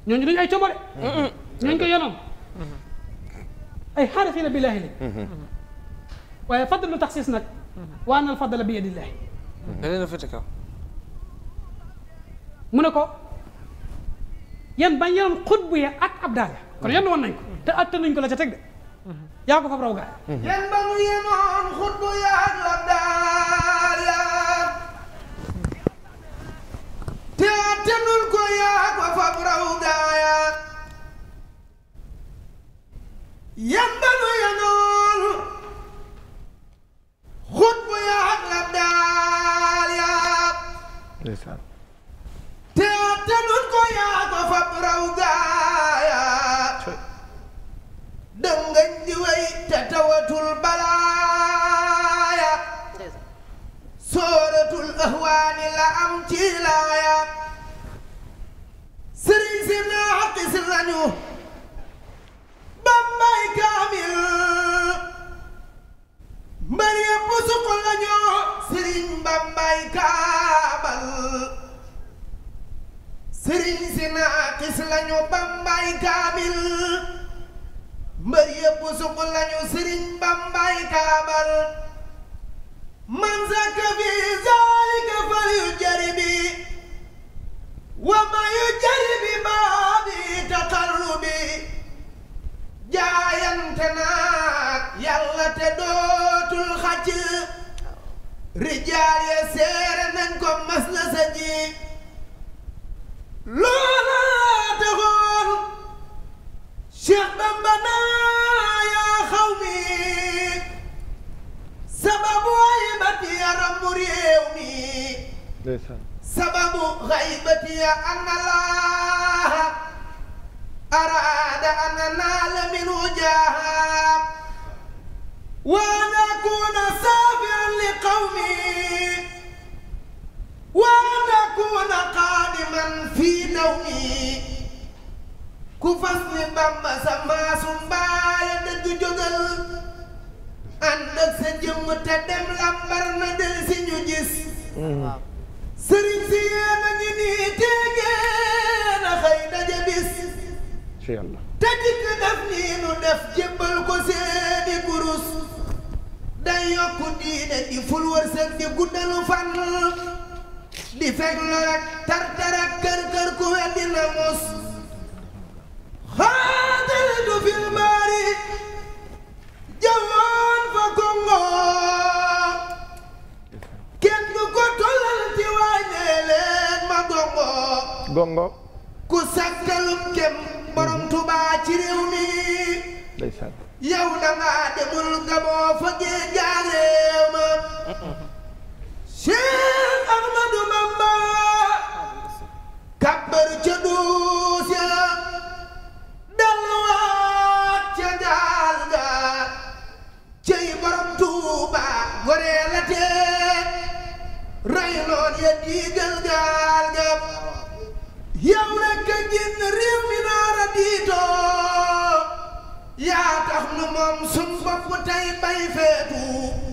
ñooñu dañu ay coobare. Mm-hmm. ñooñu ko yoonam. Mm-hmm. ay xaarifiina billaahi lañ. Mm-hmm. waaye fadlu taxsiis nag. wa anna al-fadla bi yadillaahi. da mu ne ko yan bañ yan xutbu ya ak ab daal kon yan nañ ko te atta nañ ko la ca teg de. ko fab raw gaa yan ba yenoon xutbu ya ak ab te attanul yaa ko raw gaaya yambanu yanool xutbu yaa rab yaa te attanul yaa ko fab raw gaaya dëngañ balaa sooratul ahwaani la am ci laaya sëriñ si naa lañu ba kaamil mbër yëpp lañu sëriñ ba may kaabal sëriñ lañu ba may kaamil mbër yëpp lañu sëriñ ba may man zakka fi zalika fal yu jaribi wa ma yu jaribi baadi taqarrubi jaayante naag yàlla te dootul xacc rijaal ya seere nañ ko mas na sa ji loola taxoon Cheikh Bamba yaa xaw sababu xaybati ya rambu réew mi sababu xaybati ya anna laaha araada anna naala minu jaaha wa an akuna saafian li qawmi wa an akuna qaadiman fi nawmi ku fas ni bamba sa maasum baaya dëgg jógal ànd ak sa te dem làmbar na del si ñu gis mm. sëriñ si yéen a ngi nii teegeen a xëy daje bis te def nii nu def jébbal ko seeni kurus day yokk diine di ful wërsëg di guddalu fan di fekk lor ak tartar kër kër ku weddi na mos xaatal du filmaari jamono ma Congo kenn du ko tollal ci wàññee leen ma Congo Congo ku sàkkalum kem borom tubaa ci réew mi ndeysaan yow da ngaa demul nga boo fëggee jaaree ma Cheikh Ahmadou Bamba kàbbar ca duus ya delluwaat ca gaal ga cey borom Tuuba goree la tee rayloon ya diigal gaal ga yow rekk a génn réew mi noora diitoo yaa tax nu moom suñ bopp tey bay feetu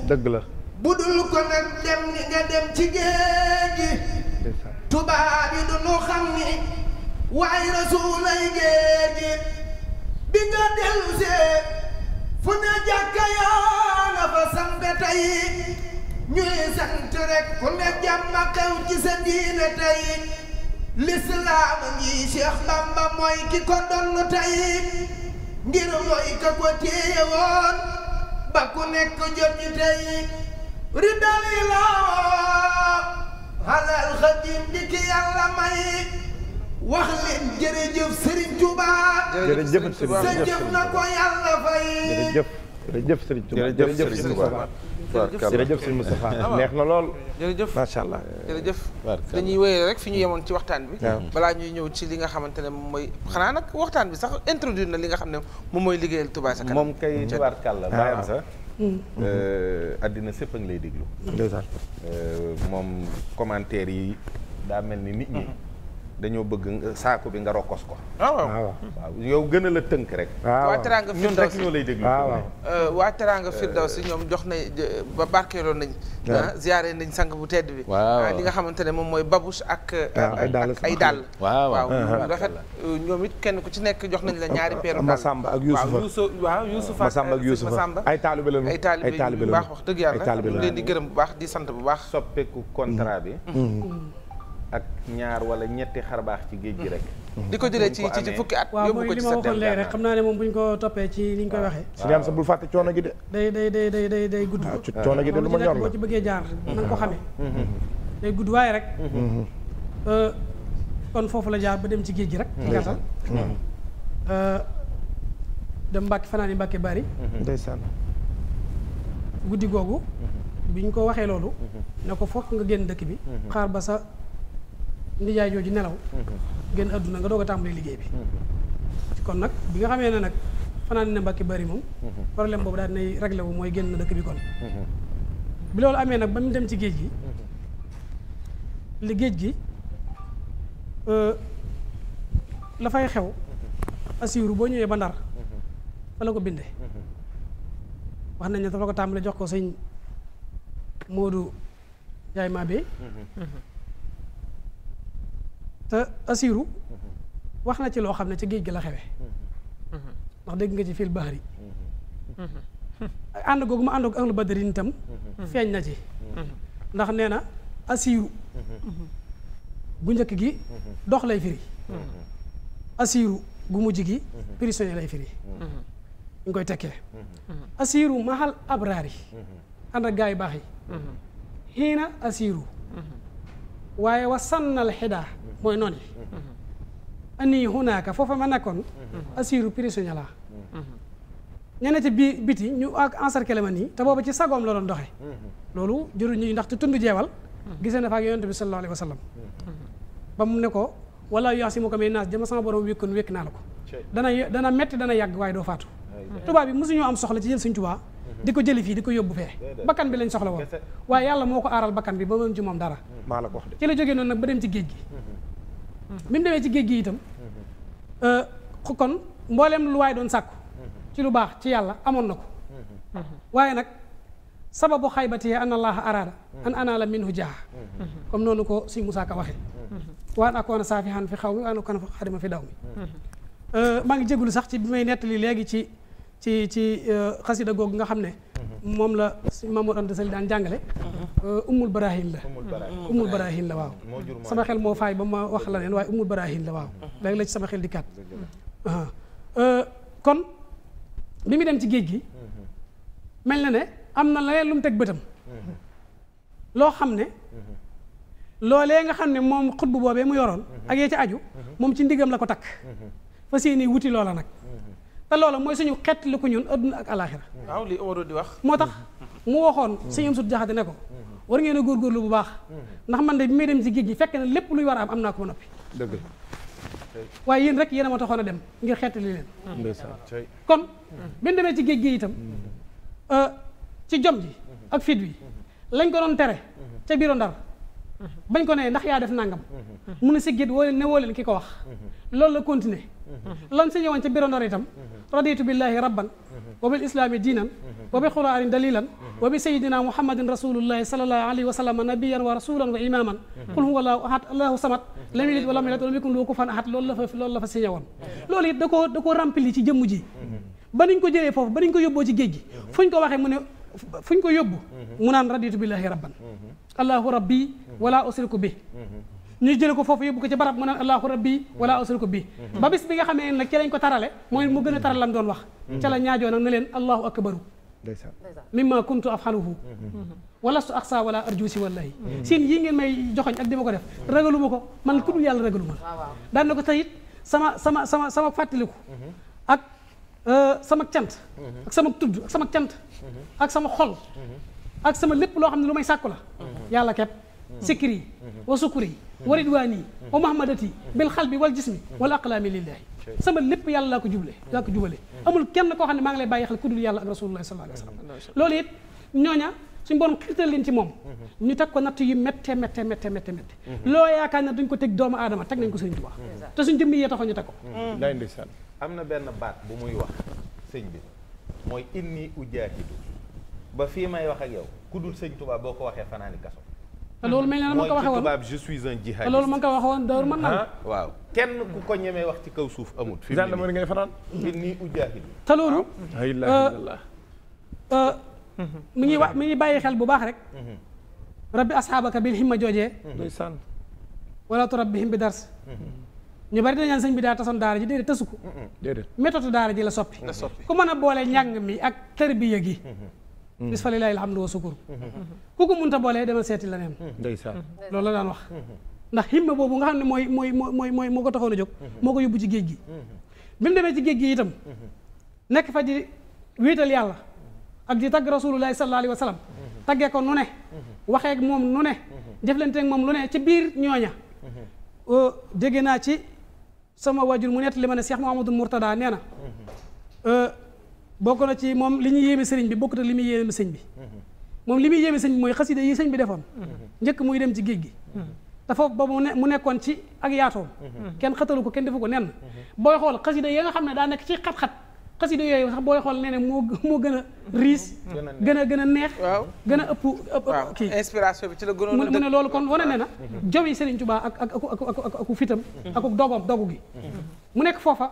dëgg la bu dul ko nag dem ni nga dem ci géej gi tubaab du nu xam ni waaye rasuulay géej gi bi nga dellu fu ne jàkka yaa nga fa sang tey ñuy sant rek ku ne jàmm xew ci sa diine tey lislaam ngi Cheikh Bamba mooy ki ko donn tey ngir mooy ka ko téye woon ba ku nekk jot yi la alal xadim di ki yàlla may wax leen jërëjëf Serigne Touba. jërëjëf Serigne Touba jërëjëf na ko yàlla fay. jërëjëf jërëjëf Serigne Touba jërëjëf Serigne Touba. jërëjëf Serigne Moustapha ah, neex na lool. jërëjëf macha allah jërëjëf. dañuy wéyee rek fi ñu yemoon ci waxtaan bi. balaa ñuy ñëw ci li nga xamante ne moom mooy xanaa nag waxtaan bi sax introduire na li nga xam ne moom mooy liggéeyal Touba sa kanam. moom kay tubaarkàlla ah. bàyyam sax. addina mm. euh, sépp a ngi lay déglu. Mm. Euh, moom commentaire yi daa mel ni nit ñi mm-hmm. dañoo bëgg euh, saako bi nga rokkos ko. Ah, ah, yow gën a la tënk rek. Ah, waa Teranga Firdaws ñun rek ñoo lay euh, waa Teranga Firdaws si ñoom jox nañ ba barkeeloon nañ. ziare nañ sang bu tedd bi. waaw li nga xamante ne moom mooy babouche ak. Euh, ak ay dàll. waaw waaw rafet ñoom it kenn ku ci nekk jox nañ la ñaari peeru. Masamba ak Yusufa waaw Yusu waaw Yusufa. Masamba ak Yusufa ay taalibe lañu ay taalibe lañu bu baax wax dëgg yàlla. ay taalibe lañu leen di gërëm bu baax di sant bu baax. soppeeku contrat bi. Mm-hmm. Mm-hmm. ak ñaar wala ñetti xarbaax ci géej gi rek. di ko jëlee ci ci fukki at. yóbbu ko ci sa waaw mooy xam naa ne moom bu ñu ko toppee ci ni ñu koy waxee. waaw ah. Sylviane sa bul fàtte coono gi de. day day day day day day gudd. waaw ah, coono gi de lu ma ñor la boo ci bëggee jaar na nga ko xamee. Mm-hmm. waaye rek. Mm-hmm. Euh, kon foofu la jaar ba dem ci géej gi rek. ci gàttal. Mm-hmm. Euh, dem Mbàkke fanaan yi Mbàkke bari. ndeysaan. guddi googu. bi ñu ko waxee loolu. ne ko fokk nga génn dëkk bi. xaar ba sa. ndijaay jooju nelaw mm-hmm. génn àdduna nga doog a tàmbali liggéey bi mm-hmm. kon nag bi nga xamee ne nag fanaan ne mbakki bari moom mm-hmm. problème boobu daal dinay réglé wu mooy génn na dëkk bi kon bi loolu amee nag ba mu dem ci géej gi li géej gi euh, la fay xew asiiru boo ñëwee ba ndar fa la ko binde wax nañ ne dafa ko tàmbali jox ko sëñ Moodu Njaay Maabe assiru wax na ci loo xam ne ci géej gi la xewe ndax dégg nga ci fil bahri ànd googu ma ànd ak ahlu badrin itam feeñ na ci ndax nee na Assirou gu njëkk gi dox lay firi Assirou gu mujj gi prisonnier lay firi ñu koy tekkee Assirou mahal abraari ànd ak gaa baax yi xiina Assirou waaye wa sànnal xidaa mooy noon yi anii hunaaka foofa ma nekkoon asiru prisonnier la ñene ci bi biti ñu ak encercler ma nii te booba ci sagoom la doon doxe loolu jëruñu ñu ndaxte tund jeewal gisee na fa ak yonent bi sallallahu alayhi wa sallam ba mu ne ko wala yoxsimu ko may naas jama sama borom wékkoon wékk naa la ko dana dana metti dana yàgg waaye doo faatu tubaab su ñu am soxla ci jël suñ tubaa di ko jëli fii di ko yóbbu fee bakkan bi lañ soxla woon waaye yàlla moo ko aaral bakkan bi ba woon ci moom dara maa la ko wax de ci la jógee noonu nag ba dem ci géej gi mm-hmm. bi mu demee ci géej mm-hmm. euh, kon mbooleem lu waay doon sàkku mm-hmm. ci lu baax ci yàlla amoon na ko waaye nag sababu xaybati an allaha araada an anaala minhu jaaha comme noonu ko si Moussa Ka waxee waan akoon a saafi xan fi xaw mi waan akoon a xadima fi daw mi euh, maa ngi jégalu sax ci bi may nettali léegi ci ci ci euh, xasida googu nga xam ne mhm. moom la Mamour Anta Sali daan jàngale mhm. umul euh, barahin la umul barahin la waaw sama xel moo faay ba ma wax la neen waaye umul barahin la waaw mhm. la ci sama xel di euh, bi mu dem ci géej gi na ne am na leneen lu mu teg bëtam loo xam ne loolee nga xam ne moom xutbu boobee mu yoroon ak yee ci aju moom ci ndigam la ko takk fas yéene wuti loola nag te loola mooy suñu xet li ko ñun adduna ak alaxira waaw li Omaro di wax moo tax mu waxoon sëñ Amsatu Jaxate ne ko war ngeen a góorgóorlu bu baax ndax man de bi may dem ci géej gi fekk na lépp luy war a am am naa ko noppi dëgg waaye yéen rek yéen a ma taxoon a dem ngir xeetali leen kon bi ñu demee ci géej gi itam euh, ci jom ji ak fit wi lañ ko doon tere ca biiro ndar bañ ko ne ndax yaa def nangam. mu ne si gét woo ne woo ki ko wax. loolu la continuer lan si ñëwoon ci biro ndoor itam. raditu billahi rabban. wa bil islaami diinan. wa bi quraanin dalilan. wa bi sayidina muhammadin rasulullahi salallahu alayhi wa sallam nabiyan wa rasulan wa imaman. qul huwa allahu ahad allahu samad. lam yalid wa lam yulad wa ahad loolu la fa loolu la fa si ñëwoon. loolu it da koo da koo ci jëmm ji. ba niñ ko jëlee foofu ba niñ ko yóbboo ci géej gi. fuñ waxee mu ne ko yóbbu. mu naan raditu billahi rabban allahu rabbi wala usriku bi mhm. ñu jële ko foofu yóbbu ko ci barab mu naan allahu rabbi wala usriku bi mhm. ba bis bi nga xamee nag ci lañ ko tarale mooy mu gën a taral lam doon wax mhm. ca la ñaajoo nag ne leen allahu akbaru mimma kuntu afxaluhu wala su axsa wala arjusi wallahi seen yii ngeen may joxoñ ak di ma ko def ragaluma ko man ku dul yàlla ragaluma daan na ko tayit sama sama sama sama fàttaliku ak euh, sama cant ak sama tudd ak sama cant ak sama xol ak sama lépp loo xam ne lu may sàkku la yàlla kepp sikri yi wa sukuri yi wa ridwaan yi wa mahamadati yi bil xalbi wal jismi wal aqlaami lillaahi sama lépp yàlla laa ko juble laa ko jubale amul kenn koo xam ne maa ngi lay bàyyi xel ku dul yàlla ak rasulullahi sallallahu alayhi wa sallam loolu it ñooña suñ borom xirtal leen ci moom ñu teg ko natt yu métte métte métte métte métte loo yaakaar na duñ ko teg doomu aadama teg nañ ko Sëriñ Tuubaa te suñ jëmmi yee taxoon am na benn baat bu muy wax sëñ bi mooy inni ujaahidu ba fii may wax ak yow ku dul sëñ Touba boo ko waxee fanaani kaso. loolu mel na ma ko waxee woon mooy tubaab ko waxee woon Dóor mën na ah, waaw kenn ku ko ñemee wax ci kaw suuf amut. fi mu ne nii ngay fanaan. fi nii ujjaaxil. te loolu. Ah, euh, euh, mi ngi wax mi ngi bàyyi xel bu baax rek. Mhm. rabbi asxaabaka bil himma joojee. Mhm. ndeysaan. wala turabbihim bi dars. Mhm. ñu bari dañu naan sëñ bi daal tasoon daara ji déedéet tasu ko. déedéet méthode daara ji la soppi. la soppi ku mën a boole njàng mi ak tarbiya gi. bis mm-hmm. fa lillahi alhamdu wa sukur mm-hmm. mm-hmm. ku ko munta boolee demal seeti leneen ndeysaan loolu la daan wax ndax himma boobu nga xam ne mooy mooy mooy mooy moo ko taxoon a jóg moo ko yóbbu ci géej gi bi mu demee ci géej gi itam nekk fa di wéetal yàlla ak di tagg rasulullahi sallallahu alayhi wa sallam taggee ko nu ne waxee ak moom nu ne ci biir ñooña dégg ci sama wajur mu nett li ma ne Cheikh Mouhamadou Mourtada nee euh, bokk na ci moom li ñu yéeme sëriñ bi bokkut ak li muy yéeme sëñ bi moom li muy yéeme sëñ bi mooy xasida yi sëñ bi defoon njëkk muy dem ci géej gi te foofu ba mu nekkoon ci ak yaatoom kenn xatalu ko kenn defu ko nen booy xool xasida yi nga xam ne daa nekk ci xat-xat xasida yooyu sax booy xool nee moo moo gën a riis gën a gën a neex gën a ëpp kii inspiration bi ci la gënoon mu ne loolu kon wane ne na jom yi Sëriñ Tuubaa ak ak ak aku fitam aku dogom dogu gi mm-hmm. mu nekk foofa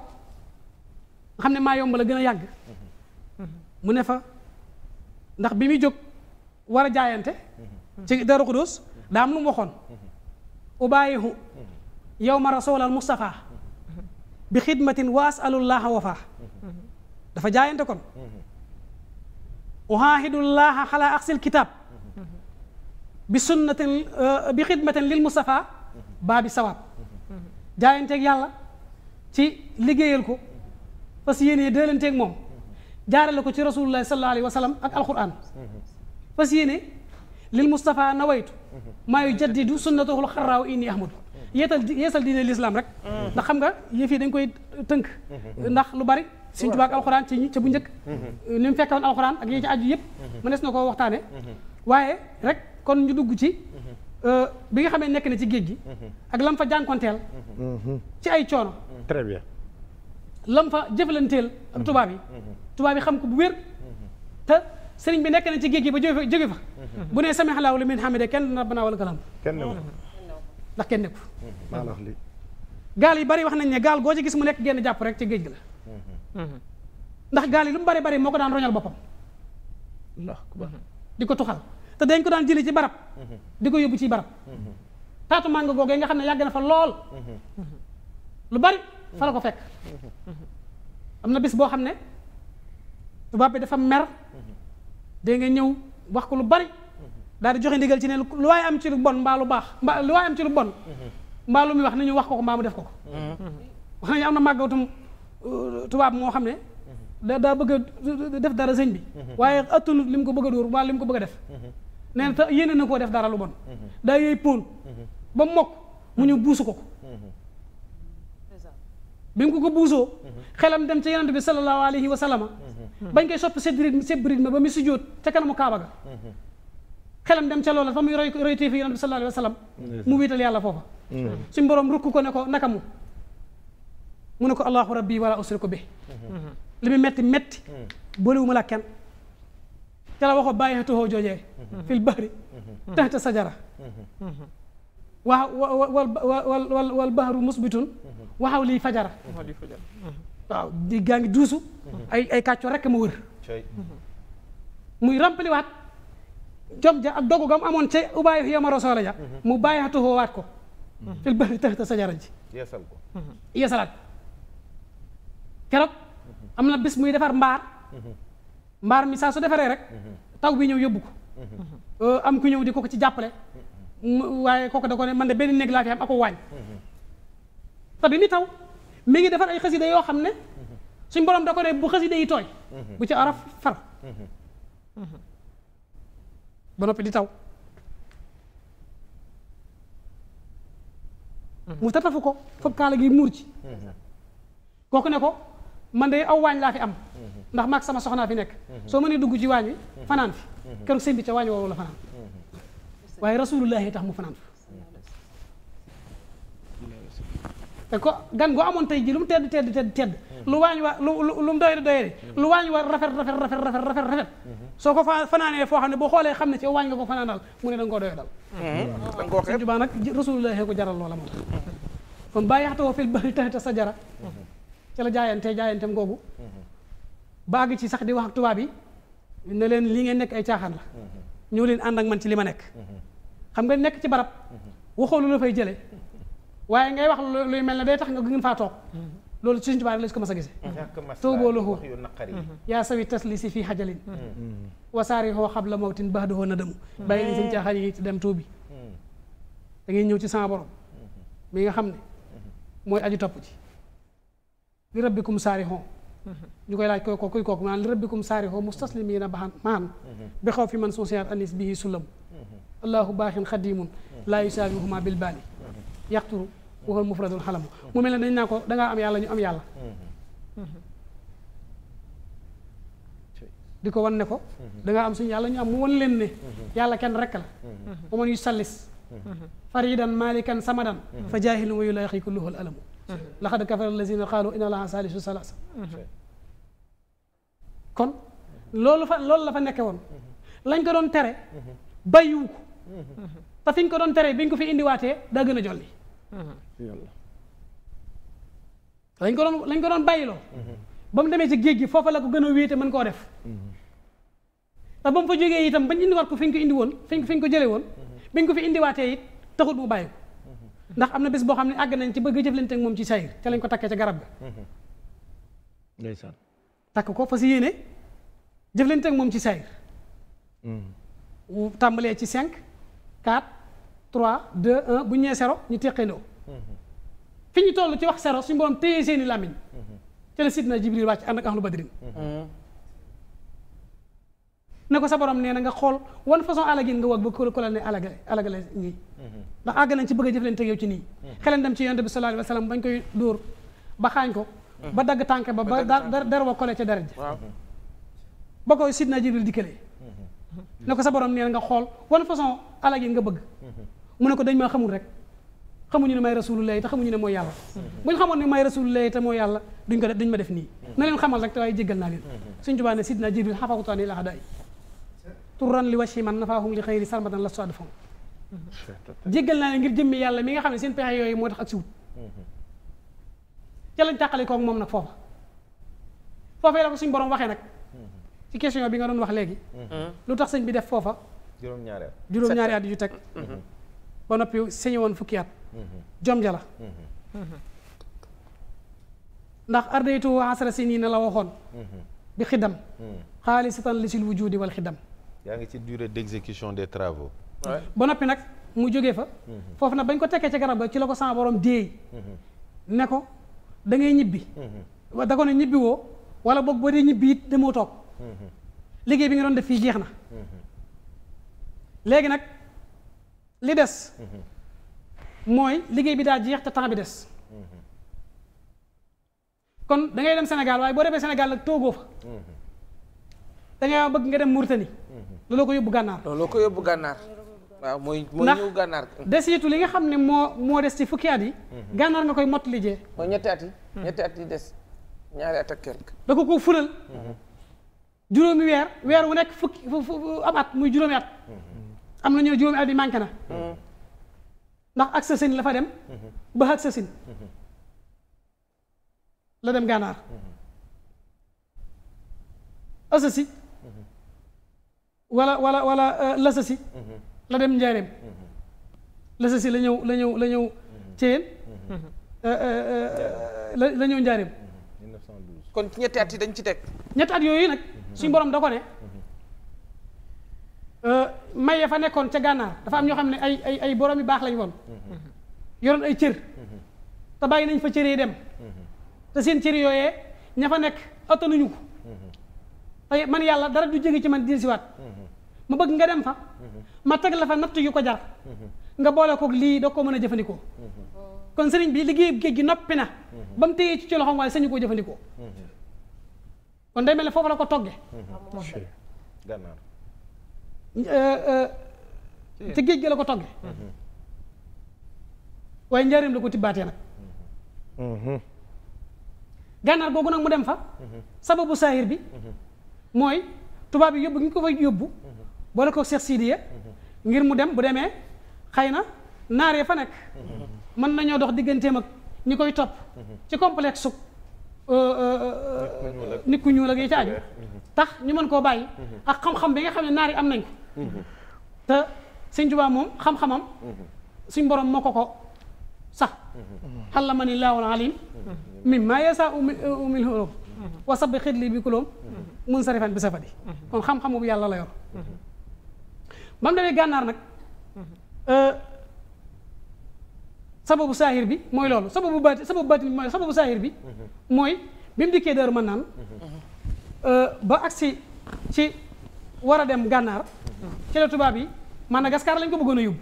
nga xam ne maa yomb la gën a yàgg mu ne fa ndax bi muy jóg war a jaayante ci Daaru Xudoos daa am lu mu waxoon ubaayihu yow ma rasulal Mustafa bi xidmatin wa asalullaha wafa dafa jaayante kon uhaahidullaha xalaa axsil kitaab bi sunnatin uh, bi xidmatin lil Mustafa baa bi sawaab jaayanteeg yàlla ci liggéeyal ko fas yéenee dëlanteeg moom jaarale ko ci rasulullahi sallallahu alayhi wa sallam ak alquran fas yéene lil Moustapha nawaytu maa yu jaddidu sunnatahul xarraaw inni ahmadu yeetal yeesal diine l'islam rek ndax xam nga yëf dañ koy tënk ndax lu bari suñ tubaab alxuraan ci ca bu njëkk ni mu fekkoon alxuraan ak yi ci aju yëpp mënees na koo waxtaane waaye rek kon ñu dugg ci euh, bi nga xamee nekk na ci géej gi ak lam fa jànkonteel mhm. ci ay coono très bien lam fa jëflanteel ak tubaab yi mm-hmm. tubaab yi xam ko bu wér mm-hmm. te sëriñ bi nekk na ci géej gi ba jóge fa mm-hmm. bu nee sami xalaaw li min xamide kenn na banaa wala kalam kenn ndax kenn nekku gaal yi bari wax nañ ne gaal goo ci gis mu nekk genn jàpp rek ci géej gi la ndax gaal yi lu mu bari bari moo ko daan roñal boppam di ko tuxal te dañ ko daan jëli ci barab di ko yóbbu ci barab taatu màngo googee nga xam ne yàgg na fa lool lu bari fa la ko fekk am na bis boo xam ne tubaab bi dafa mer dégg nga ñëw wax ko lu bari daal di joxe ndigal ci ne lu waaye am ci lu bon mbaa lu baax mbaa lu waaye am ci lu bon mbaa lu muy wax nañu wax ko ko mbaa mu def ko ko wax nañu am na màggatum euh, tubaab moo xam ne da daa bëgg def dara sëñ bi waaye attunu li mu ko bëgga a dóor mbaa li ko bëgg def nee na te na koo def dara lu bon daa yooyu póon ba mokk mu ñu buusu ko ko bi mu ko ko buusoo xelam dem ca yonent bi sallallahu alayhi wa sallama bañ koy soppi sedd rythme sedd rythme ba mu sujjóot ca kanamu Kaaba ga xelam dem ca loola fa muy roy roy téye fi yonent bi sallallahu alayhi wa sallam mu wiital yàlla foofa suñ borom rukk ko ne ko naka mu mu ne ko allahu rabbi wala usriku bi li mu metti metti boolewuma la kenn ca la waxoo bàyyi toxoo joojee fil bahri tahta sajara waa wa wal wal wal wal bahru musbitun waxaw lii fajara waaw di gaa ngi duusu ay ay kàccoo rek ma wër muy rampali waat jom ja ak dogu gam amoon ca ubaayu xiyama rasoola ja mu bàyyi xatu waat ko fil bëri tëxta sajara ji yeesal ko yeesalaat keroog am na bis muy defar mbaar mbaar mi saa su defaree rek taw bi ñëw yóbbu ko mhm. euh, am ku ñëw di ko ko ci jàppale waaye kooku da ko ne man de benn néeg laa fi am ako waañ mhm. te du ni taw mi ngi defar ay xasida yoo xam ne suñ borom da ko ne bu xasida yi tooy bu ci araf far ba noppi di taw mu tatafu ko foog kaala gi muur ci kooku ne ko man de aw waañ laa fi am ndax maag sama soxnaa fi nekk soo mënee dugg ci waañ wi fanaan fi keroog sëñ bi ca waañ woowu la fanaan waaye rasulullahi tax mu fanaan fi te ko gan goo amoon tey ji lu mu tedd tedd tedd tedd lu waañ wa lu lu mu doyri doyri lu waañ wa rafet rafet rafet rafet rafet rafet soo ko fa fanaanee foo xam ne boo xoolee xam ne ci waañ nga ko fanaanal mu ne da nga koo doy dal Sëñ Tuubaa nag Rasulullah ko jaral loola moom kon bàyyi yaxtawoo fil bahri tahta sajara ci la jaayante jaayantem googu baag ci sax di wax tubaab yi ne leen li ngeen nekk ay caaxaan la ñëw leen ànd ak man ci li ma nekk nga nekk ci barab waxoolu la fay jële waaye ngay wax luy mel na day tax nga gën faa toog mm-hmm. loolu ci suñu tubaab la si ko mas a gisee mm-hmm. tuuboo lahu mm-hmm. yaa sawi taslisi fi xajalin wasaari xoo xab la mawtin baax dahoo na demu bàyyi leen seen caaxaan yi te dem tuubi da ngay ñëw ci sama borom mi nga xam ne mooy aju topp ci li rabbikum saari xoo ñu koy laaj koy kookuy kooku maanaam li rabbikum saari xoo a baxan maxan bi xaw fi man sonsiyaat anis bii sulam allahu baaxin xadimun laa yusaawihuma bilbaali yaxturu waxal mufradun xalam mu mel ne dañ naa ko dangaa am yàlla ñu am yàlla di ko wan ne ko dangaa am suñu yàlla ñu am mu wan leen ne yàlla kenn rekk la amoon yu sallis faridan malikan samadan fa jaahilun wa yulaaxi kulluhu al alamu laqad kafara allazina qaalu inna allaha saalisu salaasa kon loolu la fa nekke woon lañ ko doon tere bàyyiwu ko te ko doon tere bi ko fi indiwaatee daa gën jolli yàlla lañ ko doon lañ ko doon bàyyiloo mhm. ba mu demee si géej gi foofu la ko gën a wéete mën koo def mhm. ndax ba mu fa jógee itam bañ indiwaat ko fi ñu ko indi woon fi ñu ko jële woon mhm. bi ko fi indiwaatee it taxut mu bàyyi ko ndax am na bés boo xam ne àgg nañ ci bëgg jëflante moom ci sayir te lañ ko takkee ca garab ga ndeysaan takk ko fa si yéene jëflante moom ci sayir tàmbalee ci cinq quatre 3 2 1 bu ñëwee zéro ñu teqaloo fi ñu toll ci wax zéro suñu borom téye seeni làmmiñ te la sidna jibril wàcc ànd ak ahlu badrin ne ko sa borom nee nga xool wan façon alagin nga wag ba ku la ne alagale alagale ñii ci bëgg a jëf leen ci nii xeleen dem ci yonent bi sallallahu alayhi wa sallam bañ koy ba xaañ ko ba dagg tànk ba ba der wa kole ca ba ko sidna jibril dikkalee ne ko sa borom nee xool wan façon alagin nga bëgg mu ne ko dañ maa xamul rek xamuñu ne may rasulullahi te xamuñu ne moo yàlla bu ñu xamoon ne may rasulullahi te mooy yàlla duñ ko duñ ma def nii mm-hmm. na leen xamal rek te waaye jéggal naa leen mm-hmm. suñ tubaa ne sidna jibril xafaxutaani la aday turan li washi man nafaahum li xëyri sarmadan la soidefon mm-hmm. jéggal naa leen ngir jëmmi yàlla mi nga xam ne seen pexe yooyu moo tax ak siwut ca lañ tàqale koog moom nag foofa foofee la ko suñ borom waxee nag ci question bi nga doon wax léegi lu tax sëñ bi def foofa juróom-ñaari at juróom-ñaari at yu teg ba noppi sañe woon fukki at mhm. jom ja la mhm. Mhm. ndax ardaytu asra sinina la waxoon bi xidam xaalisatan li sil wujudi wal xidam yaa ngi ci durée d'exécution de travaux ba noppi nag mu jógee fa foofu nag bañ ko tekkee ci garab ga ci la ko sama borom déey ne ko da ñibbi da ko ne ñibbi woo wala boog boo dee ñibbi it demoo toog liggéey bi nga doon def fii jeex na léegi nag li des mooy liggéey bi daa jeex te temps bi des kon da ngay dem Sénégal waaye boo demee Sénégal nag toogoo fa da bëgg nga dem Mauritanie looloo ko yóbbu gànnaar looloo ko yóbbu gànnaar waaw mooy mooy ñëw gànnaar desitu li nga xam ne moo moo des ci fukki at yi mhm. gànnaar nga koy mott li jee mooy ñetti at yi mhm. ñetti at yi des ñaari at ak quelque da ko fulal mhm. juróomi weer weer wu nekk fukki am at muy juróomi at am na ñoo juróomi at yi manqué na ndax ak sasin la fa dem ba ak sasin la dem gànnaar asasi wala wala wala euh, lasasi la dem njaareem la ñëw la ñëw la ñëw ceen euh, euh, la ñëw njaareem kon ñetti at yi dañ ci teg ñetti at yooyu nag suñu borom da Euh, maye fa nekkoon ca gànnaar dafa am ñoo xam ne ay ay ay borom yu baax lañ woon mm-hmm. yoroon ay cër mm-hmm. te bàyyi nañ fa cër yi dem mm-hmm. te seen cër yooyee ña fa nekk attanuñu ko te man yàlla dara du jege ci man dil siwaat ma bëgg nga dem fa ma teg la fa natt yu ko jar nga boole kook lii doo ko mën a jëfandikoo kon sëriñ bi liggéey géej gi noppi na ba mu ci ci loxoom waaye sañu koo jëfandikoo kon day mel ne foofu la ko togge gànnaar Eh, eh, te géej gi la ko toggee mm-hmm. waaye njaareem la ko tibbaatee nag mm-hmm. Mm-hmm. gànnaar googu nag mu dem fa sababu saahir bi mooy tubaab yi yóbbu ngi ko fay yóbbu boole ko Seex Sidiya ngir mu dem bu demee xëy na naaree fa nekk mën nañoo dox digganteem ak ñi koy topp ci complexe su euh, euh, euh, nit ku ñuul ak ci aju tax ñu man koo bàyyi mhm. ak xam-xam bi nga xam ne naar yi am nañ ko mhm. te sëñ Tuubaa moom xam-xamam mhm. suñ borom moo ko ko la xalamani laahul alim mimma yasa umil huruf wa sabbi xidli bi kuloom mun sarifan bi safadi kon xam-xamu bu yàlla la yor ba gànnaar nag euh, sababu saahir bi mooy loolu sababu baati sababu baati mooy sababu saahir bi mooy bi mu dikkee dër mën naan ba agsi ci war a dem gànnaar ci la tubaab yi Madagascar lañ ko bëggoon a yóbbu.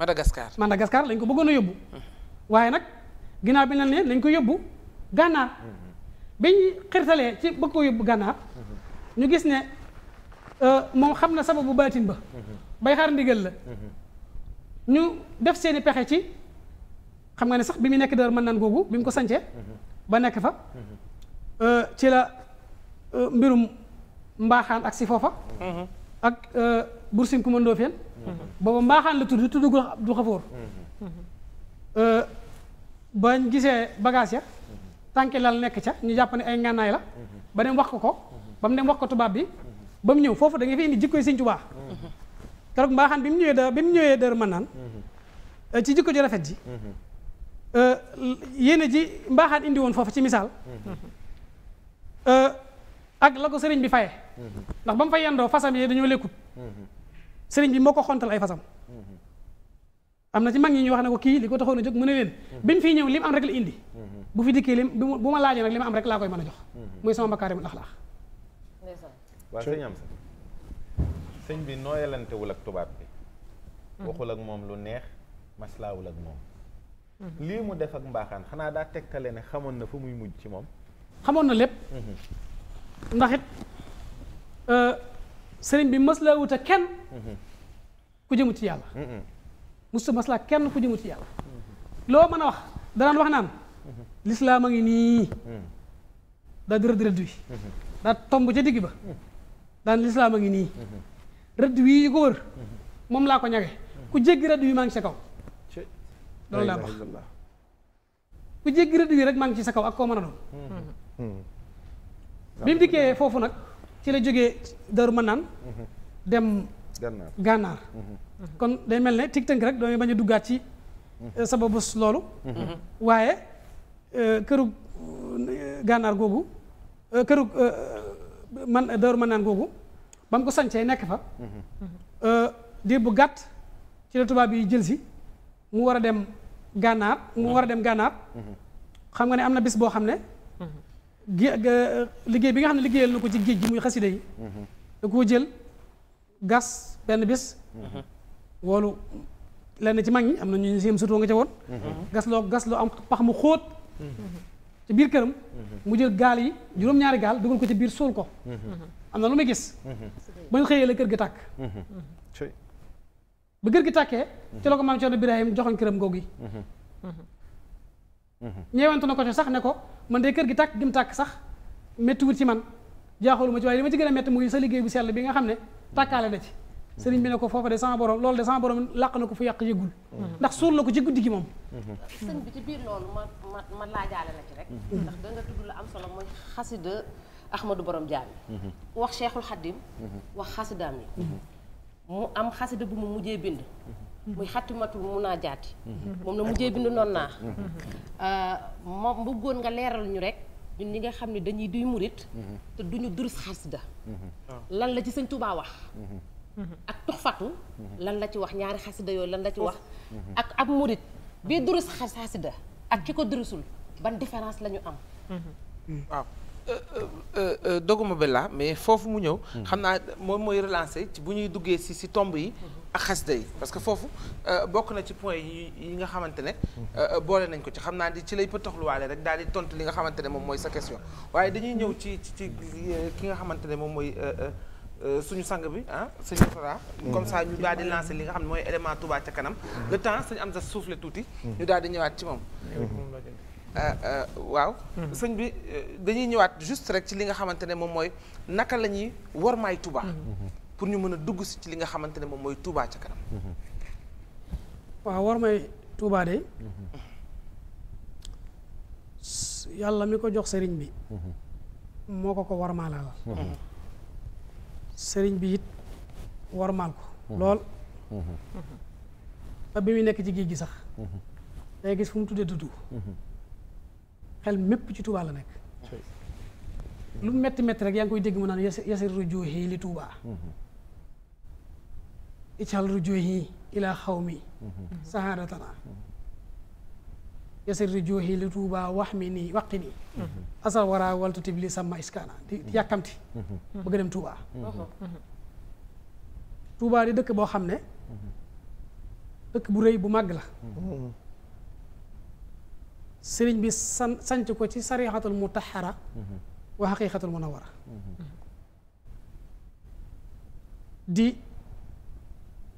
Madagascar Madagascar lañ ko bëggoon a yóbbu. waaye nag ginnaaw bi ñu ne nañ ko yóbbu gànnaar biñ xirtalee ci bëgg ko yóbbu gànnaar ñu gis ne euh, moom xam na sababu baatin ba. bay xaar ndigal la. ñu def seeni pexe ci xam nga ne sax bi muy nekk dër mën naan googu bi mu ko sancee ba nekk fa euh, ci la. Euh, mbirum mbaaxaan ak si foofa mhm. ak euh, bursin ku mëndoo feen mhm. booba mbaaxaan la tudd tudd gu Abdou Xafoor mhm. euh, bañ gisee bagage ya tànki lal nekk ca ñu jàpp ne ay ngànnaay la ba dem wax ko ko ba mu dem wax ko tubaab bi ba mu ñëw foofu da nga fi indi jikkoy Sëñ Tuubaa keroog mbaaxaan bi mu ñëwee da bi mu ñëwee dër mën naan ci jikko ju rafet ji yéene ji mbaaxaan indi woon foofu ci misaal ak la ko sëriñ bi faye ndax ba mu fa yendoo fasam yee dañoo lekkut sëriñ bi moo ko xontal ay fasam am na ci mag yi ñu wax ne ko kii li ko taxoon a jóg mu a leen bi mu fii ñëw li mu am rek la indi bu fi dikkee lim bu ma laajee nag li rek laa koy mën a jox muy sama makaarimul axlaaq waa sëñ am sëñ bi nooyalantewul ak tubaab bi waxul ak moom lu neex maslaawul ak moom lii mu def ak mbaaxaan xanaa daa tegtale ne xamoon na fu muy mujj ci moom xamoon na lépp mhm. ndaxit it euh, sëriñ bi mës laa wut a kenn ku jëmu ci yàlla musta mës laa kenn ku jëmu loo mën a wax danaan wax naan lislaam a ngi nii daa rëdd rëdd wi daa tomb ca digg ba daan lislaam ngi nii rëdd wi ko wër moom laa ko ñage ku jéggi rëdd wi maa ngi sa kaw loolu laa wax ku jéggi rëdd wi rek maa ngi ci sa kaw ak koo mën bi mu dikkee foofu nag ci la jógee Daaru Manaan dem gànnaar kon day mel ne tig tënk rek doomi bañ a duggaat ci euh, sababus loolu waaye euh, këru euh, gànnaar googu kërug man Daaru Manaan googu ba ko sancee nekk fa diir bu gàtt ci la tubaab yi jël si mu war a dem gànnaar mu war a dem gànnaar xam nga ne am na bis boo xam ne liggéey bi nga xam ne liggéeyal na ko ci géej gi muy xasida yi mhm. da koo jël gas benn bis mhm. woolu lenn ci mag ñi am na ñu siim sutoo nga ca woon mhm. gas loo gas loo am pax mu xóot ci biir këram mu jël gaal yi juróom-ñaari gaal dugal ko ci biir suul ko am na lu muy gis bañ xëyee la kër gi tàkk ba kër gi tàkkee ci la ko maam Cerno Birahim joxoñ këram googu yi ñeewantu na ko ci sax ne ko man de kër gi tàkk gim tàkk sax méttiwut ci man jaaxalu ma ci waaye li ma ci gën a métti muy sa liggéey bu sell bi nga xam ne tàkkaale na ci sëriñ bi ne ko foofa de sama borom loolu de sama borom làq na ko fu yàq yëgul ndax suul la ko ci guddi gi moom sëñ bi ci biir loolu ma ma ma laajaale na ci rek mhm. ndax da nga tudd la am solo mooy xasida Ahmadou Borom Jaam mhm. wax Cheikhul Xaddim mhm. wax xasidaam yi mu am xasida bu mu mujjee muy xatimatu mun naa jaati mhm. moom la mujjee bind noon naa mhm. euh, moom bëggoon nga leeral ñu rek ñun ñi nga xam ne dañuy duy murit mhm. te duñu durus da ah. lan la ci sëñ Tuubaa wax ak tuxfatu lan la ci wax ñaari xasida yooyu lan la ci wax ak ab murit bii durus xasida ak ki ko durusul ban différence lañu am mm, waaw euh, euh, doguma bella mais foofu mu ñëw mm. xam naa moom mooy relancer ci bu ñuy duggee si si tomb yi ak xasida parce que foofu euh, bokk na ci point yi yi nga xamante ne euh, euh, boole nañ ko ci xam naa di ci lay pëtoxluwaale rek daal di tontu li nga xamante ne moom mooy sa question waaye dañuy ñëw ci ci ci ki nga xamante ne moom mooy suñu sang bi ah suñu Mourtada mm-hmm. comme saa ñu daal di lancer li nga xam ne mooy élément Touba ca kanam mm-hmm. le temps suñu am sa souffle tuuti mm-hmm. ñu daal di ñëwaat ci moom waaw sëñ bi dañuy ñëwaat juste rek ci li nga xamante ne moom mooy naka la ñuy war maay pour ñu mën a dugg si ci li nga xamante ne moom mooy Touba ca kanam. waaw war may Touba de. yàlla mi ko jox sëriñ bi. moo ko ko warmaalal. sëriñ bi it war warmaal ko. lool. ba bi muy nekk ci géej gi sax. day gis fu mu tuddee dudd. xel mépp ci Touba la nekk. lu metti metti rek yaa ngi koy dégg mu naan yasiru juuhi li Touba. ical rujuhi ila xawmi sahaadatana yasir rujuhi li tuubaa wax nii waqi nii asal waraa waltu tib li sama iskaana di yàkkamti bëgg dem tuubaa tuubaa di dëkk boo xam ne dëkk bu rëy bu màgg la sëriñ bi san sanc ko ci sarixatul mutahara wa xaqiqatul munawara di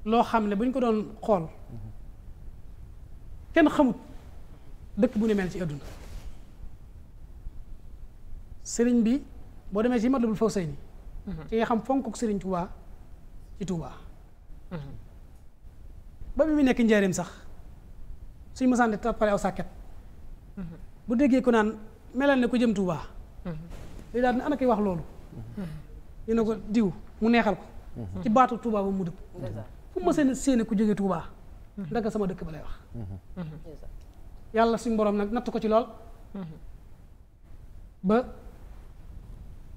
loo xam ne bu ñu ko doon xool kenn xamut dëkk bu ne mel ci àdduna sëriñ bi boo demee ci Matlabul Fawzayni mhm. ci nga xam fonk ko sëriñ Tuubaa ci Tuubaa mhm. ba bi nekk njaareem sax suñ masaan di tappale aw sàkket mhm. bu déggee ko naan melal ne ko jëm Tuubaa li daal ne ana wax loolu ñu ne ko diw mu neexal ko ci baatu Tuubaa ba mu dëkk fu ma seen séeni ku jógee Touba ndaka mhm. sama dëkk ba lay wax mhm. Mhm. yàlla suñ boroom nag natt ko ci lool ba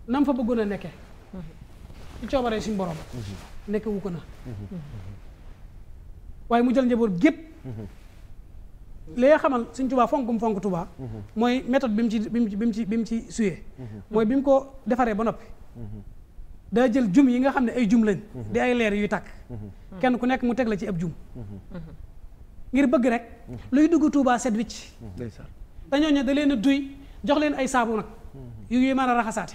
nam fa bëggoon a nekke ci coobaree suñ boroom nekke wu ko na waaye mu jël njaboot gépp li nga xamal suñ tubaa fonk mu fonk tubaa mooy méthode bi mu ci bi mu ci bi mu ci suyee mooy bi mu ko defaree ba noppi daa jël jum yi nga xam ne ay jum lañ mhm. di ay leer yuy tàkk mhm. mhm. kenn ku nekk mu teg la ci ab jum ngir bëgg rek luy dugg Touba set wicc dañoo ñe da leen a duy jox leen ay saabu nag yu yuy mën a raxasaate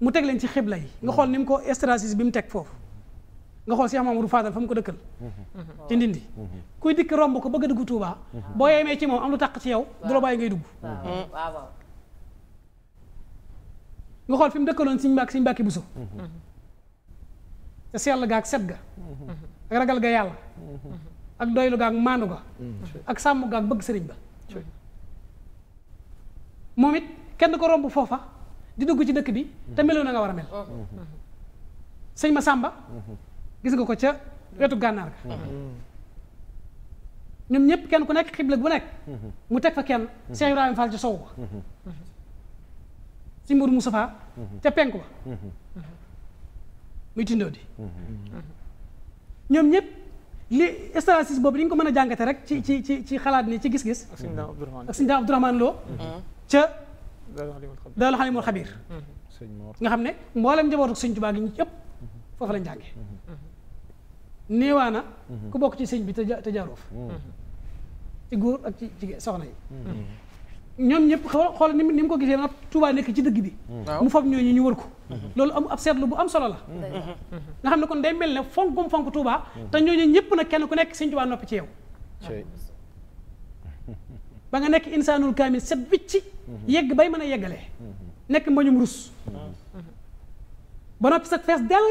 mu teg leen ci xibla yi nga xool ni mu ko stratégie bi mu teg foofu nga xool Cheikh Mamadou Fadal fa mu ko dëkkal ci ndindi kuy dikk romb ko bëgg a dugg Touba boo yemee ci moom am lu taq ci yow du la bàyyi ngay dugg nga xool fi dëkkaloon siñ mbàkk siñ mbàkki buso te sell ga ak set ga ak ragal ga yàlla ak doylu ga ak maandu ga ak sàmm ga ak bëgg sëriñ ba moom it kenn ko romb foofa di dugg ci dëkk bi te meloo na nga war a mel sëñ ma sàmba gis nga ko ca wetu gànnaar ga ñoom ñëpp kenn ku nekk xibla bu nekk mu teg fa kenn Cheikh Ibrahima Fall ci sow ci Mourou Moustapha mhm. ca penku ba mhm. muy tindoo di mhm. ñoom ñëpp li stratégie boobu li ñu ko mën a jàngate rek ci ci ci ci xalaat ni ci gis-gis ak sëñ daa Abdourahmane Lo ca daal xalimul xabiir nga xam ne mboolem njabootu sëñ Tuubaa gi ñu foofu lañ jànge néewaana ku bokk ci sëñ bi te jaaroof ci góor ak ci jigéen soxna yi ñoom ñëpp xool ni ni mu ko gisee nag Touba nekk ci dëgg bi mu foog ñooñu ñu wër ko mhm. loolu am ab seetlu bu am solo la mhm. Mhm. nga xam ne kon day mel ne fonk gum fonk Touba te ñooñu ñëpp nag kenn ku nekk sëñ Touba noppi ci yow ba nga nekk insaanul kaamil set wicci yegg bay mën a yeggalee nekk mbañum rus ba noppi sax fees dell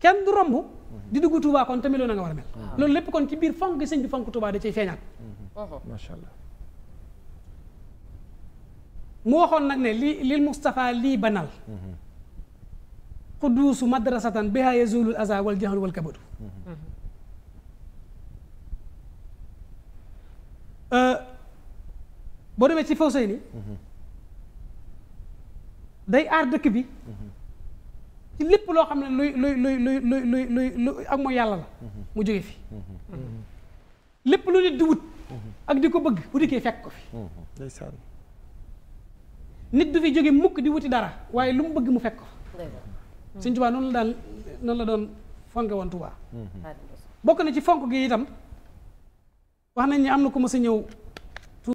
kenn du romb di dugg Touba kon tamit loolu na nga war a mel loolu lépp kon ci biir fonk gi sëñ bi fonk Touba da cay feeñaat macha mu waxoon nag ne li lil Moustapha lii banal quduusu madrasatan biha yazulul aza wal jahlu wal kabadu boo demee ci fawsey ni day aar dëkk bi ci lépp loo xam ne luy luy luy luy luy luy luy ak mooy yàlla la mu jóge fi lépp lu nit di wut ak di ko bëgg bu dikkee fekk ko fi nit du fi jóge mukk di wuti dara waaye lu mu bëgg mu fekk ko sëñ Tuubaa la daan noonu la doon fonke woon mm-hmm. bokk na ci fonk gi itam wax nañ ni am na ku ma sa ñëw